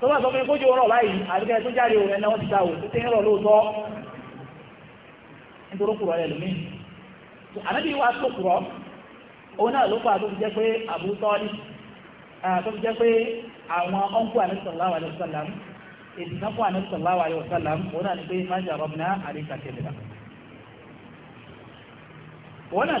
tó bá sọ fún kójú ọ̀rọ̀ báyìí àbíkẹ́ tó jáde òun ẹ̀nà wọ́n ti ta òun tó ti ń rọ̀ lóòótọ́ nítorí kùrọ̀ rẹ̀ lómi ànábì wa tó kùrọ̀ òun náà ló fà tó fi jẹ́ pé àbútọ́lì tó fi jẹ́ pé àwọn ọ̀nkú ànábì sallallahu alaihi wasallam ìdìkan fún ànábì sallallahu alaihi wasallam òun náà ni pé má jà rọ́bìnà àríkà kẹlẹ̀lá wọ́n náà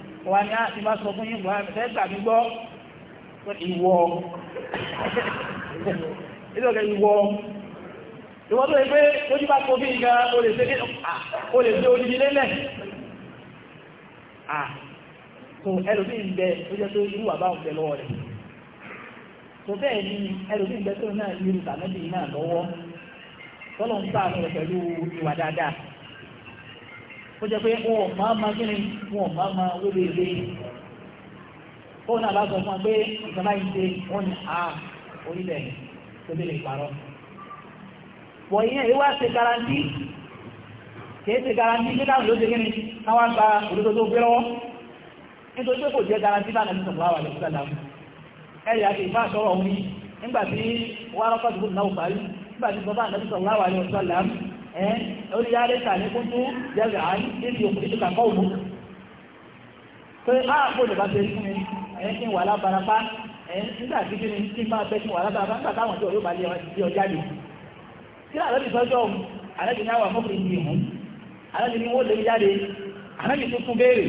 wà ní àti ah, bá sọ fún yín buhari fẹ́ gbà mí gbọ́ ìwọ ìdọ̀kẹ́ [laughs] ìwọ ìwọ tó yẹ pé ó ti bá kó bí nǹkan o lè ṣe ah, o lè ṣe odidi lélẹ̀ tó ah, ẹlòmíì ń bẹ ó jẹ́ tó irú àbá ń bẹ lọ́wọ́ rẹ̀ tó bẹ́ẹ̀ ni ẹlòmíì ń bẹ tó náà ní irú tàbí náà lọ́wọ́ tọ́lọ́ ń sáà rẹ̀ pẹ̀lú ìwà dáadáa ó jẹ́ pé wọn ò máa ma ni wọn ò máa ma wéwèé wé ó náà bá sọ fún wa pé ìjọba yìí ṣe wọn ah, ni a onílẹ̀ tó lè parọ́ wọ̀nyí náà ìwà ṣe garanti kìí ṣe garanti pé káwọn ló ṣe kí ni káwọn gba òdodo tó gbé nítorí pé kò jẹ́ garanti bá nàìjíríà wà lọ́wọ́ sálàmù ẹ̀rì àti ìfà sọ̀rọ̀ òun nígbà tí wọ́n á rọ́kọ̀ tó náà parí nígbà tí bàbá nàìjíríà wà ẹ́ orí ya ìsàlẹ̀ kún jẹ́rẹ̀ àárín níbi òkú ìṣẹ́ta kọ́ òun pé ààbò lè bá ṣe fún mi kí n wà lábarapá ẹ̀ nígbà tí kí ni kí n máa fẹ́ kí n wà lábarapá nígbà táwọn yóò bá lé ọjọ́ jáde kí sọ́jọ́ ní àwọn ní ní wọ́n lè jáde tó béèrè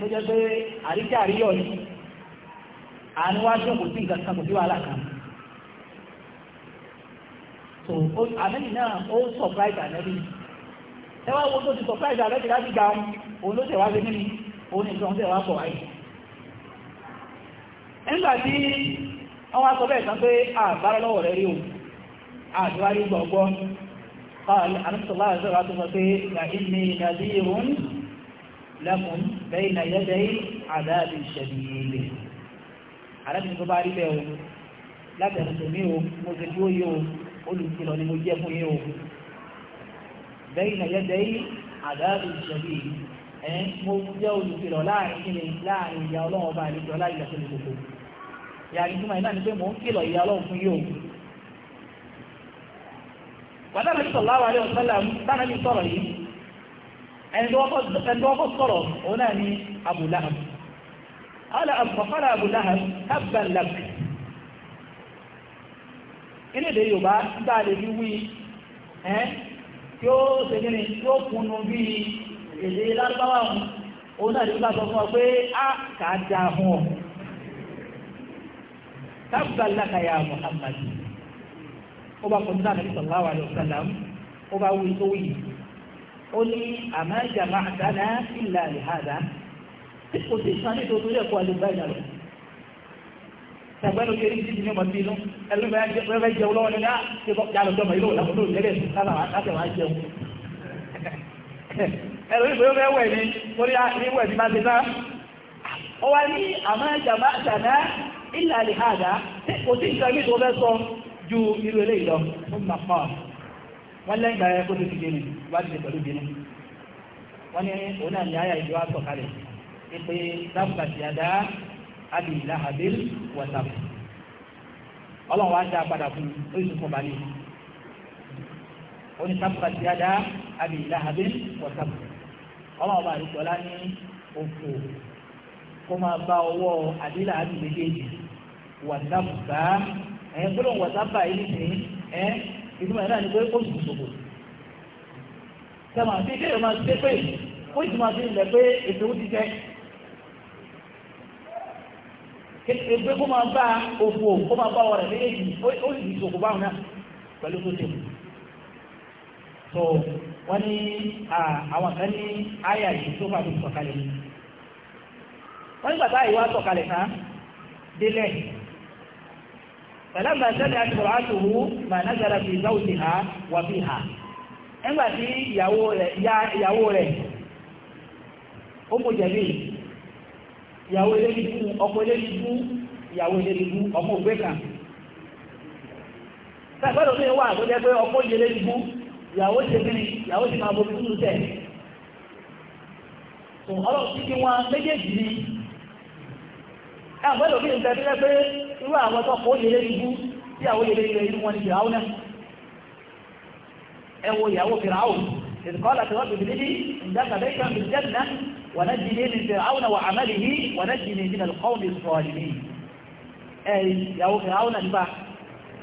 nítorí pé àárín wá jókòó sí nǹkan kan kò sí wàhálà kan so àmẹ́lì náà ó surprise àmẹ́lì ẹ wá wo tó ti surprise àmẹ́lì láti gba òun ló tẹ̀wá sí nínú òun ní ìjọba tẹ̀wá pọ̀ wáyé nígbà tí wọ́n wá sọ bẹ́ẹ̀ tán pé àbára lọ́wọ́ rẹ̀ rí o àtiwárí gbọ̀gbọ́ àmìsọ̀lá àzọ́ra tó sọ pé ga inni nadirun lakum bayna yaday àrẹ́bìnrin tó bá rí bẹ́ẹ̀ o láti ẹ̀sùn tòmí o mo ṣe dúró yìí o olùkìlọ̀ ni mo jẹ́ fún yìí o bẹ́ẹ̀ ìnà yẹ́dẹ́ yìí àdáàbò ìṣẹ̀lẹ̀ yìí ẹ̀ mo jẹ́ olùkìlọ̀ láàrin kíni láàrin ìyá ọlọ́wọ́ bá àlejò láìlọ sí gbogbo ìyá yìí túmọ̀ iná ni pé mò ń kìlọ̀ ìyá ọlọ́wọ́ fún yìí o pàtàkì sọ̀rọ̀ àwọn àlẹ́ ala àpọ̀fàrà àbúláhà kábà lak inú èdè yorùbá nígbà lè fi wí ẹ́ tí ó ṣe gíní tí ó kùnú bí èdè lárúbáwá wọn òun náà lè fi bá sọ fún ọ pé a kà á da fún ọ kábà lak ya Muhammad ó bá kọjú náà nàbí sallallahu alaihi wasallam ó bá wí tó wí ó ní àmà jama'tana illa li hada kò sí onye tó torí ẹ̀kọ́ àlè báyìí lọ tẹ̀gbẹ́nu kiri jíjì ní ọmọdé inú ẹlẹ́gbẹ́ jẹun lọ́wọ́ nígbà tí ó yà lọ́jọ́ mọ̀ ìlú òlàmọ́ lórí lẹ́lẹ́ látẹ̀wà jẹun [laughs] ẹ̀rọ ìgbẹ́ fẹ́ wẹ̀ ní orí ìwẹ̀ ní máa ti náà ó wá ní àmọ́ ìjàmbá àtàná ìlà kò tó fẹ́ sọ ju irú eléyìí lọ fún wọn lẹ́yìn ìgbà tó ti gbé pé dábùkàtì àdá àbí ìlàhàbí wọ̀tàp ọlọ́run wá dá padà fún oṣù fún balẹ̀ ó ní dábùkàtì àdá àbí ìlàhàbí wọ̀tàp ọlọ́run bá àdúgbò ọlá ní òkú kó máa bá ọwọ́ àdílà àbí méjèèjì wọ̀tàp bá ẹ̀ gbọ́dọ̀ wọ̀tàp bá yìí nìyí ẹ̀ ìdúmọ̀ náà ni pé ó sì ṣòfò sẹ́wọ̀n àti ilé ìrọ̀mọ̀ ti dé pé ó sì fi ilẹ̀ pé ètò ti jẹ́ ẹgbẹ́ kó máa bá òfò kó máa bá ọ̀rẹ́ méjèèjì ó sì fi ṣòkò báwọn náà pẹ̀lú tó ṣe so wọ́n ní àwọn kan ní àyà yìí tó máa fi sọ̀kalẹ̀ yìí wọ́n nígbà táyì wá sọ̀kalẹ̀ tán délẹ̀ pẹ̀lú àgbàṣẹ́ ni a ti rọ̀ àtòwú màá nágbára fi záwùsì ha wà fi hà nígbà tí ìyàwó rẹ̀ ó mú jẹ̀bi ìyàwó eléyìí fún ọkọ ìyàwó eléyìí ọmọ ògbé sàgbọ́dọ̀ mi wà tó jẹ́ pé ọkọ yẹ eléyìí ìyàwó ṣe ìyàwó ṣe máa tẹ̀ kí méjèèjì pé irú àwọn ìyàwó wọn ni ìyàwó náà ìyàwó ìdíkọ́ ونجني من فرعون وعمله ونجني من القوم الظالمين اي يا فرعون نبا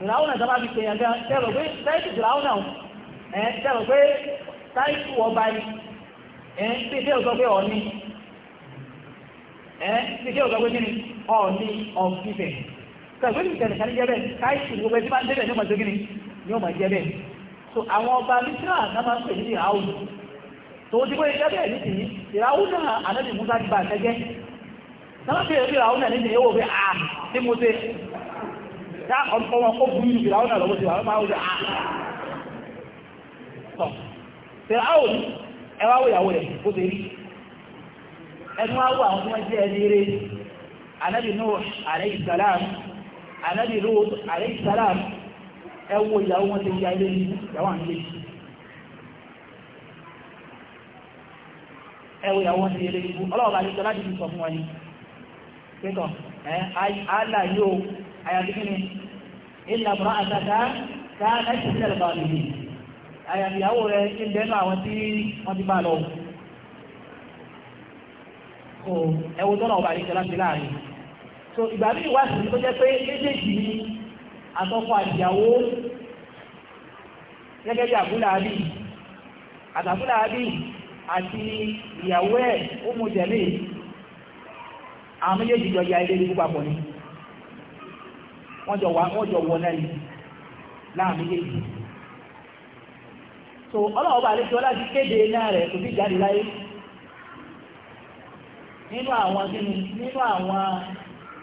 فرعون ده بقى بيقول ده ترى بيه سايت فرعون اهو ايه ترى بيه سايت وباي ايه في كده ده بيه اني ايه في كده ده بيه اني اني اوف كيفه tẹ̀gbẹ́ ní ìtẹ̀lẹ̀ kan jẹ́bẹ̀ káìsì gbogbo ẹtí máa ń débẹ̀ ní ọmọ ìjọba ní ọmọ ìjẹbẹ̀ so àwọn ọba mísírà náà máa ń pè ní àwọn tó ti pé jẹ́bẹ̀ ní tìí ìràúnà ànábì Musa ti bá ìtẹ́jẹ́ sáwọn fèrè ìràúnà ní ìyẹ́wò pé à tí mo tẹ́ dá ọmọ kó bú ìlú ìràúnà lọ́wọ́ ti wà máa wùdá à tọ́ ìràún ẹwà wò ìyàwó rẹ̀ ó ti rí ẹnu awọ àwọn tí wọ́n jẹ́ ẹni rẹ̀ ànábì Nuh alayhi salam ànábì Lut alayhi salam ẹwọ ìyàwó wọn ti ya ilé ìyàwó àǹgẹ́jì ẹwọ ìyàwó wọn ti lè léwu ọlọ́ọ̀bá ní sọlá dìbò sọ fún wọn ni pétọ̀ ẹ àlà yóò àyàfi kí ni ilà bùrọ̀ àtàkà ká láti sílẹ̀ lọ́ba nìyí àyàfi ìyàwó rẹ ti ń bẹ́ẹ̀ àwọn tí wọ́n ti bá lọ. so ẹwọ tọ́lọ̀ọ̀bá ní sọlá ti láàrin so ìgbà míì wá sí tó jẹ́ pé méjèèjì ni àtọ́kọ àtìyàwó gẹ́gẹ́ bí àbúlà àbí àtàbúlà àbí àti ìyàwó ẹ̀ ó mú jẹ̀lé àwọn méjèèjì jọ ya ilé ní púpapọ̀ ni wọ́n jọ wọ náà ni láàrin méjèèjì so àlejò ọlá kéde náà rẹ̀ tó sí jáde láyé nínú àwọn nínú nínú àwọn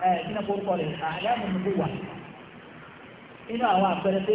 ẹ̀ rẹ̀ wà nínú àwọn àpẹẹrẹ pé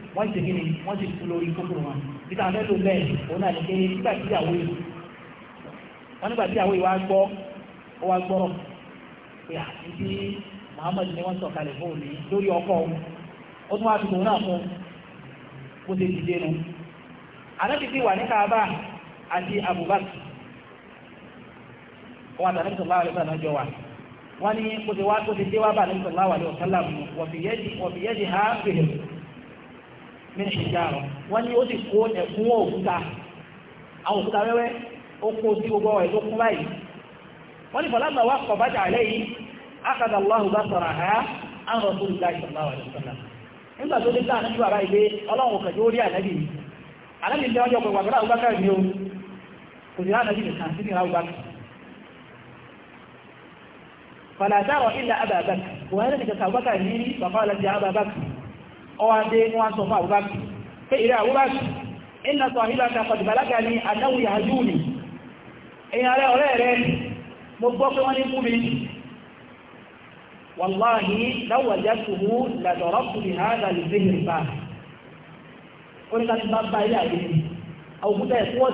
wọ́n ti kí ni wọ́n ti kú lórí kókòrò wọn títà bẹ́ẹ̀ òun náà nígbà tí nígbà tí wá gbọ́ ó wá pé àti wọ́n sọ̀kalẹ̀ fún ọkọ ó tún wá fi tòun náà fún bó ṣe dìde nu àdájì ti wà ní Kaaba àti Abubakar wọn àtàlẹ́ sọ̀rọ̀ àwọn ẹgbẹ́ náà jọ wà wọ́n ní kó ti nínú ìjà rọ wọ́n ní ó sì kó ẹ̀kún òkúta àwọn òkúta wẹ́wẹ́ ó kó sí gbogbo ẹ̀ tó báyìí wọ́n ní wá kọ̀ bájà yìí Allahu bá sọ̀rọ̀ ha á tó ìgbà ìṣọ̀lá wà lọ́sọ̀lá nígbà tó dé sáà nígbà báyìí pé ọlọ́run kẹ̀ tó rí ànábì yìí ànábì ní ọjọ́ pẹ̀lú àgbàrá àgbàkà ni o kò sí ànábì nìkan sí ní ilẹ̀ nìkan bàbá ọlọ́dẹ ọwá dé wọ́n sọ fún àwúbákì pé ìrẹ́ àwúbákì iná sọ àhílàkà pàtàkì ní adáwò ìhàjú ni èyàn rẹ̀ ọ̀rẹ́ rẹ̀ mo gbọ́ pé wọ́n ní mú mi wàláhì láwàjá tùmú làdọ̀rọ̀kùnrin hádà lè fi hìrìbà ó ní káàkiri bá ilé àyè àwòkúta ẹ̀kú wọ́n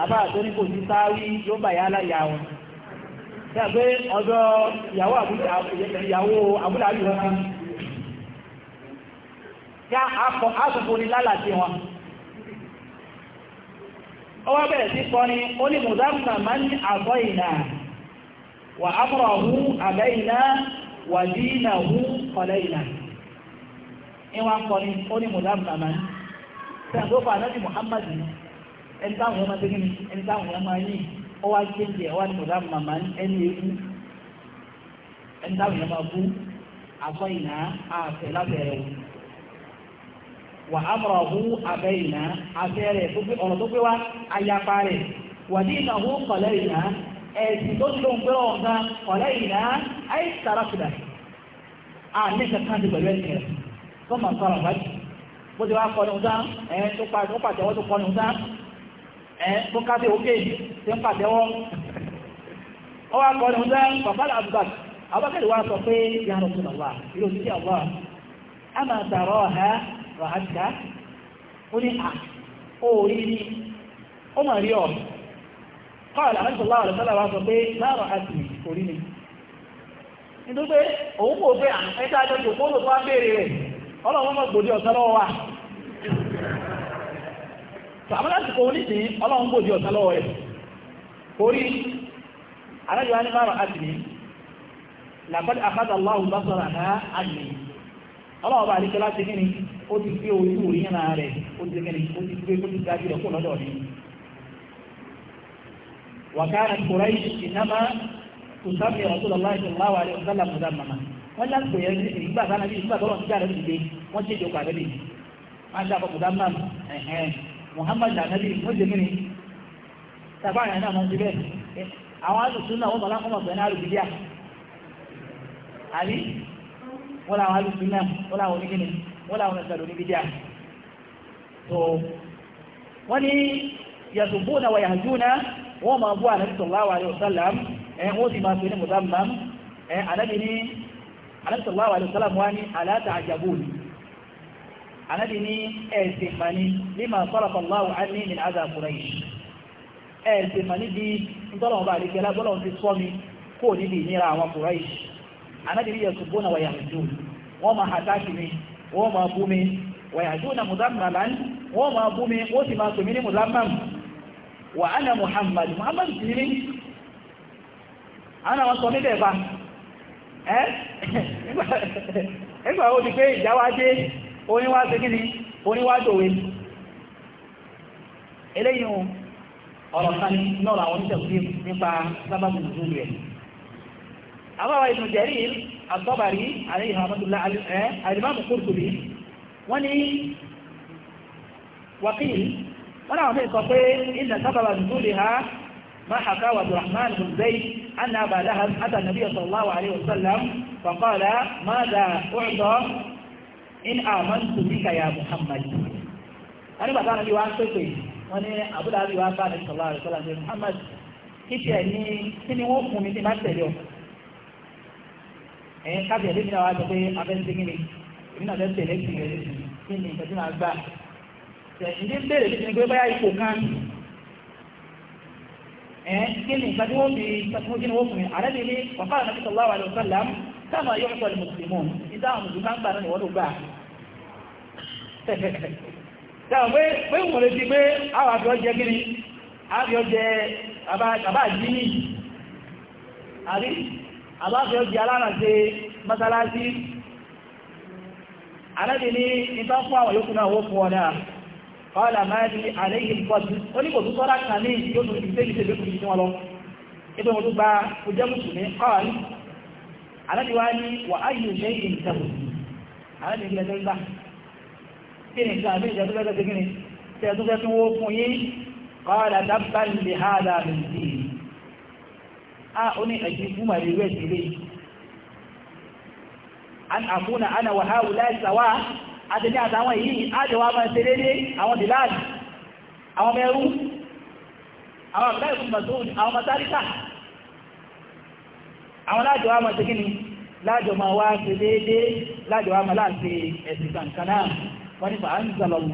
àbá àtọ́ni kò ní sáárí yóò bà yá láyà wọn ṣàgbé ọ̀dọ̀ ìyàwó àbúlà àbí wọn kan kí àkọ́kọ́ ní lálàtí wọn ọwọ́ bẹ̀rẹ̀ sí kọ́ ni ó ní mùsàmùsà máa ń àkọ́ ìnà wà ámúrọ̀hú àbẹ́ ìnà wà dínàhú kọ̀lẹ̀ ìnà ìwọ̀n kọ́ ni ó ní mùsàmùsà máa ń sẹ́yìn tó fà náà ní Muhammadu ẹni táwọn ọmọ tẹ́lẹ̀ ní ẹni táwọn ọmọ yìí ó wá ṣe jẹ ọwá ní mọ̀dá màmá ẹni ewu ẹni táwọn ọmọ bú afọ ìná àfẹ lábẹ́rẹ́ o wà á mọ̀rọ̀ bú abẹ́ ìná afẹ́ rẹ̀ ọ̀rọ̀ tó pé wá ayapa rẹ̀ wà ní ìnáwó kọ̀lẹ́ ìná ẹ̀sìn tó ti lóun pé ọ̀gá kọ̀lẹ́ ìná àìsàrà fìdà àmì kankan ti pẹ̀lú ẹ̀sìn rẹ̀ tó mọ̀ sọ̀rọ̀ wájú bó ti wá kọ́ ni ó dá ẹ̀ tó pàtẹ́wọ́ tó kọ́ ni ó dá tó káfẹ́ òkè tí ń pàtẹ́wọ́ ọ wá kọ́ ọdún dáa pàpàlà abubak abubakar wá sọ pé ya Rasulullah ilé òṣìṣẹ́ a máa tààrọ̀ ọ̀há rọ̀hájìká ó ní à ó rí ní ó mà rí ọ̀ kọ́ọ̀lá àmẹ́sọ̀lá wá sọ pé àmọ́lásìkò oníṣìí ọlọ́run gbòdì ọ̀tá lọ́wọ́ rẹ̀ orí arájọ́ anímọ̀ràn àdìrí làbọ́dì àkádà láwùn bá sọ̀rọ̀ àná àdìrí ọlọ́run bá àdìkẹ́ láti kíni ó ti gbé ojú rí yẹn rẹ̀ ó ti kíni ó ti gbé kójú dájú rẹ̀ kó lọ́dọ̀ ni wàkàrà kùráì ìnáma tùsàmì Rasulullahi sallallahu alaihi wasallam mùsàmàmà wọ́n lásìkò yẹn nígbà tánàbí nígbà tọ́lọ́ muhammad anabi mọ́jẹ̀mìnì tàbáyà náà máa ń síbẹ̀ àwọn alùsùn náà wọ́n bọ̀ láwọn ọmọ pẹ̀lú alùbídíà àbí wọ́n làwọn alùsùn náà wọ́n làwọn onígbìnì wọ́n làwọn ẹ̀sàlù oníbídíà so wọ́n ní yàtùbù náà wàyà jù náà wọ́n máa bú ànábì sallallahu alaihi wasallam ẹ̀ wọ́n sì máa pè ní mùsàlám ẹ̀ ànábì ní ẹ̀sìn mani lima sọ́lọ̀kọ̀ láwù á ní min azà kúrẹ́ yìí ẹ̀sìn mani bí ntọ́lọ̀wọ̀n bá àdékẹ́lá bọ́lọ̀ ti sọ́ mi kó o níbi ìnira àwọn kúrẹ́ yìí ànábì ní yẹsùn bóna wà yàjú wọ́n máa hàtákì mi wọ́n máa bú mi wà yàjú na mùdàmàlán wọ́n máa bú mi ó sì máa tòmí ní mùdàmàm wà á na muhammad muhammad sì ní àwọn àwọn sọ mí bẹ́ẹ̀ bá ẹ́ [laughs] nígbà ó [laughs] di pé ìjáwá dé oníwá ṣe kí ni oníwá jòwe eléyìn ọ̀rọ̀ kan náà làwọn oníṣẹ́kùnrin nípa sábàbù ìjú rẹ̀ àbáwá Ibn Jarir àtọ́bàrí alayhi rahmatullah al-Imam Qurtubi wọ́n ní wàkíl wọ́n náà mẹ́ sọ pé inna sábàbà ما حكى عبد الرحمن بن زيد أن أبا لهب أتى النبي صلى الله عليه وسلم فقال ماذا أعطى in amantu bika ya muhammad wọ́n ní bàtà nàbí wa ń pèpè wọ́n ní àbúdá àbí wa bá nàbí sallallahu alaihi wasallam muhammad kí tiẹ̀ ní kí ni wọ́n fún mi ní má tẹ̀lé ọ ẹ̀yìn kábí ẹ̀lé mi náà wá sọ pé abẹ́sẹ̀ kí ni èmi náà fẹ́ tẹ̀lé kí ni kí ni ìtọ́jú náà gbà ìdí ń bèèrè nítorí pé báyá ipò kan ẹ̀yìn kí ni ìtọ́jú wọ́n fi ìtọ́jú wọ́n fún mi àrẹ́bí ní wàhálà nàbí sallallahu alaihi wasallam sáàmà yóò sọ ìmùsùlùmù ìdá àwọn mùsùlùmù máa ń gbà náà ìwọ́n ló gbà dáa pé pé wọ́n lè ti pé àwọn àbíọ́ jẹ gíní àbíọ́ jẹ àbá jíní àbí àbáfíọ́ jẹ alárànṣe mọ́sálásí anábì ní ìtọ́ fún àwọn yókù náà wó fún ọ náà kọ́ọ̀lá máa di àléyìn pọ̀jù ó ní kò tún sọ́dá kan ní yóò alábi wá ní wà á yìí ṣe ìdí ìtàbù alábi ìgbìlẹ̀ tó ń gbà kí ni nǹkan àbí ìjà tó fẹ́ kí ni tí a tó fẹ́ kí wọ́n fún yín kọ́ọ̀dà dábà lè ha dà mí sí i a ó ní ẹ̀jì fún màrí rẹ̀ sí ilé an àkúnà ana wà ha wùlá ìsàwà àtẹ̀lé àtàwọn yìí àjọwà máa ṣe dédé àwọn dìláàdì àwọn mẹ́rú àwọn àbúrá ìfún màsóòdì àwọn àwọn láàjọ wa máa ṣe kí ni láàjọ máa wá ṣe déédéé láàjọ máa láti ẹ̀sìn kankan wọ́n ní fàá ń wọ́n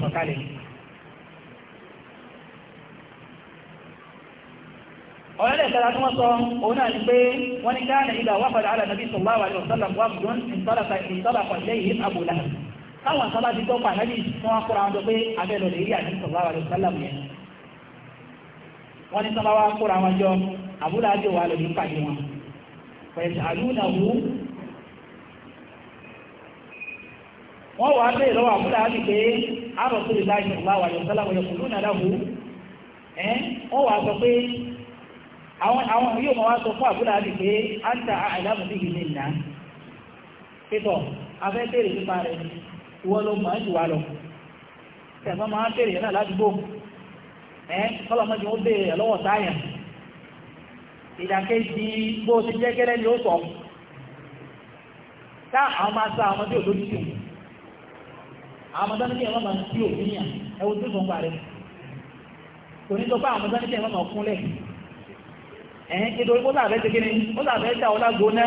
ni àwọn ọ̀rẹ́lẹ̀ ìṣẹ́lá tí wọ́n sọ òun náà ni pé wọ́n ni káàlẹ̀ ìdá wà padà àlà nàbí sallallahu alaihi wasallam wà bùdún ìtọ́làpọ̀ ilé ìhìn àbúlà táwọn sábà ti tọ́pọ̀ ànábì fún akọ́ra wọn pé abẹ́lẹ̀ lè rí àti sallallahu alaihi wasallam yẹn wọ́n ni sábà wá kóra wọn jọ àbúlà àjò wà lórí pàdé wọn pẹ̀lú àlúnàwó wọ́n wà bẹ́ẹ̀ lọ́wọ́ àbúlà àjò pé àròsílẹ̀ láì sallallahu alaihi wasallam yẹ àwọn àwọn yóò máa wá sọ fún àbúrò àbí pé a ń ta àìláàmù bí ìlú ìlà pétọ̀ afẹ́ bèrè nípa rẹ̀ ìwọ ló mọ̀ jù wá lọ tẹ̀fọ́n máa ń bèrè náà ládùúgbò ẹ̀ kọ́lọ́mọ́jú ó bèrè lọ́wọ́ táyà ìdàkejì bó ti jẹ́ gẹ́lẹ́ ni ó sọ tá àwọn máa sa àwọn tí ò lójú sí àwọn ọmọdé ní kí máa ń sí òfin yàn ẹ̀wọ́n tó sọ ń parẹ́ kò ní sọ pé àwọn ọmọdé ní kí máa kúnlẹ̀ ẹ̀yìn kí tó kóta àfẹ́ ti kíni kóta àfẹ́ ta ọlá gbóná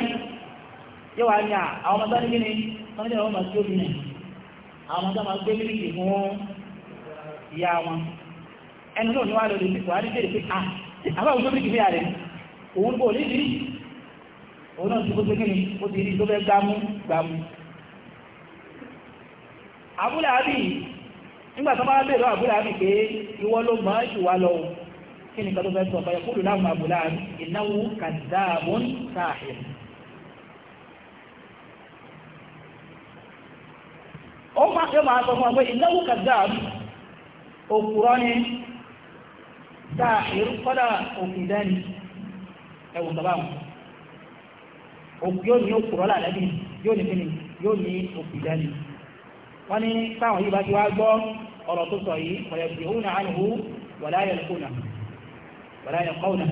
yóò wá ní à àwọn ọmọ sáré kíni wọ́n ní àwọn ọmọ tí ó bí nà àwọn ọmọ sáré gbé mílíkì fún ìyá wọn ẹnu náà ní wàá lọ lè fi wàá ní kéde pé à àbá òun tó mílíkì fi àrẹ òun kò ní ìdí òun náà ti kó pé kíni ó ti rí tó fẹ́ gbámú gbámú àbúlà àbí nígbà tó bá bẹ̀rẹ̀ àbúlà àbí pé ìwọ ló mọ̀ ìwà lọ́wọ́ kí ni kàtó fẹ́ sọ fẹ́ kúrò láwọn àbúlá ìnáwó kàdáàbọ̀n sáàhìr ó máa yọ máa sọ fún ọgbẹ́ ìnáwó kàdáàb òkúrọ́ ni sáàhìr kọ́dà òkìdání ẹwù sọ́bàmù yóò ní òkúrọ́ làlẹ́bí yóò ní kíni yóò ní òkìdání wọ́n ní táwọn yìí bá ti wá gbọ́ ọ̀rọ̀ tó sọ yìí ọ̀yẹ̀bì òun náà ń hù wọ̀láyẹ̀ lókùnà wàlá yẹ kọ́ ọ̀nà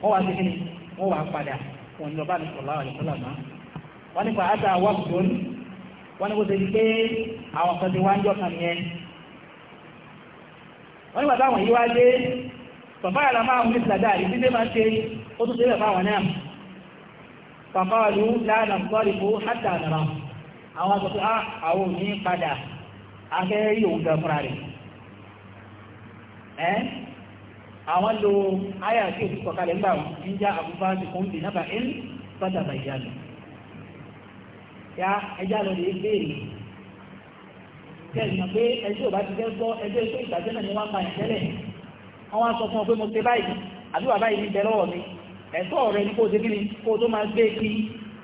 wọ́n wá sí kí ni wọ́n wá padà wọn ni ọba àti sọ̀rọ̀ àwọn àlùkò làmá wọ́n nípa àtà wà fún wọn ni kò sí pé àwọn kan ti wá ń jọ kan yẹn wọ́n nípa táwọn yìí wá dé bàbá àlà máa ń gbèsè dáadáa ìdí dé máa ṣe ó tún ṣe bẹ̀ fáwọn náà bàbá àlù lánàá sọ́ọ̀lìfò hàtà ànàrà àwọn àgbàtọ́ ah, àwọn òní padà akẹ́rẹ́ yìí òun fúnra rẹ̀ àwọn lo ayé àti òkú sọ̀kalẹ̀ ńgbà wọn ń já àbúbá ti kún bí náà ń bàtà bàjá lọ ya ẹjá lọ lè béèrè tẹ̀sán pé ẹjọ́ ò bá ti fẹ́ gbọ́ ẹjọ́ ìpé ìgbàjẹ́ náà ni wọ́n pa ìtẹ́lẹ̀ wọ́n wá sọ fún ọ pé mo ṣe báyìí àbí wà báyìí ní bẹ lọ́wọ́ mi ẹ̀tọ́ rẹ ní kó o ṣe kí ni kó o tó máa gbé kí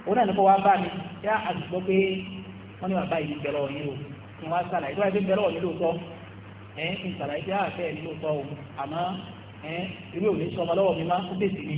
òun náà ní kó wá bá mi yá àdùgbọ́ pé wọ́n ní wà báyìí ní bẹ yìí o kí wọ́n á sàlàyé tó wáyé pé bẹ lọ́wọ́ mi lóòótọ́ ẹ̀ ń sàlàyé tí a ah, fẹ́ ní lóòótọ́ o àmọ́ ẹ̀ ìwé òní sọmọ lọ́wọ́ mi máa ń kú bèsì ni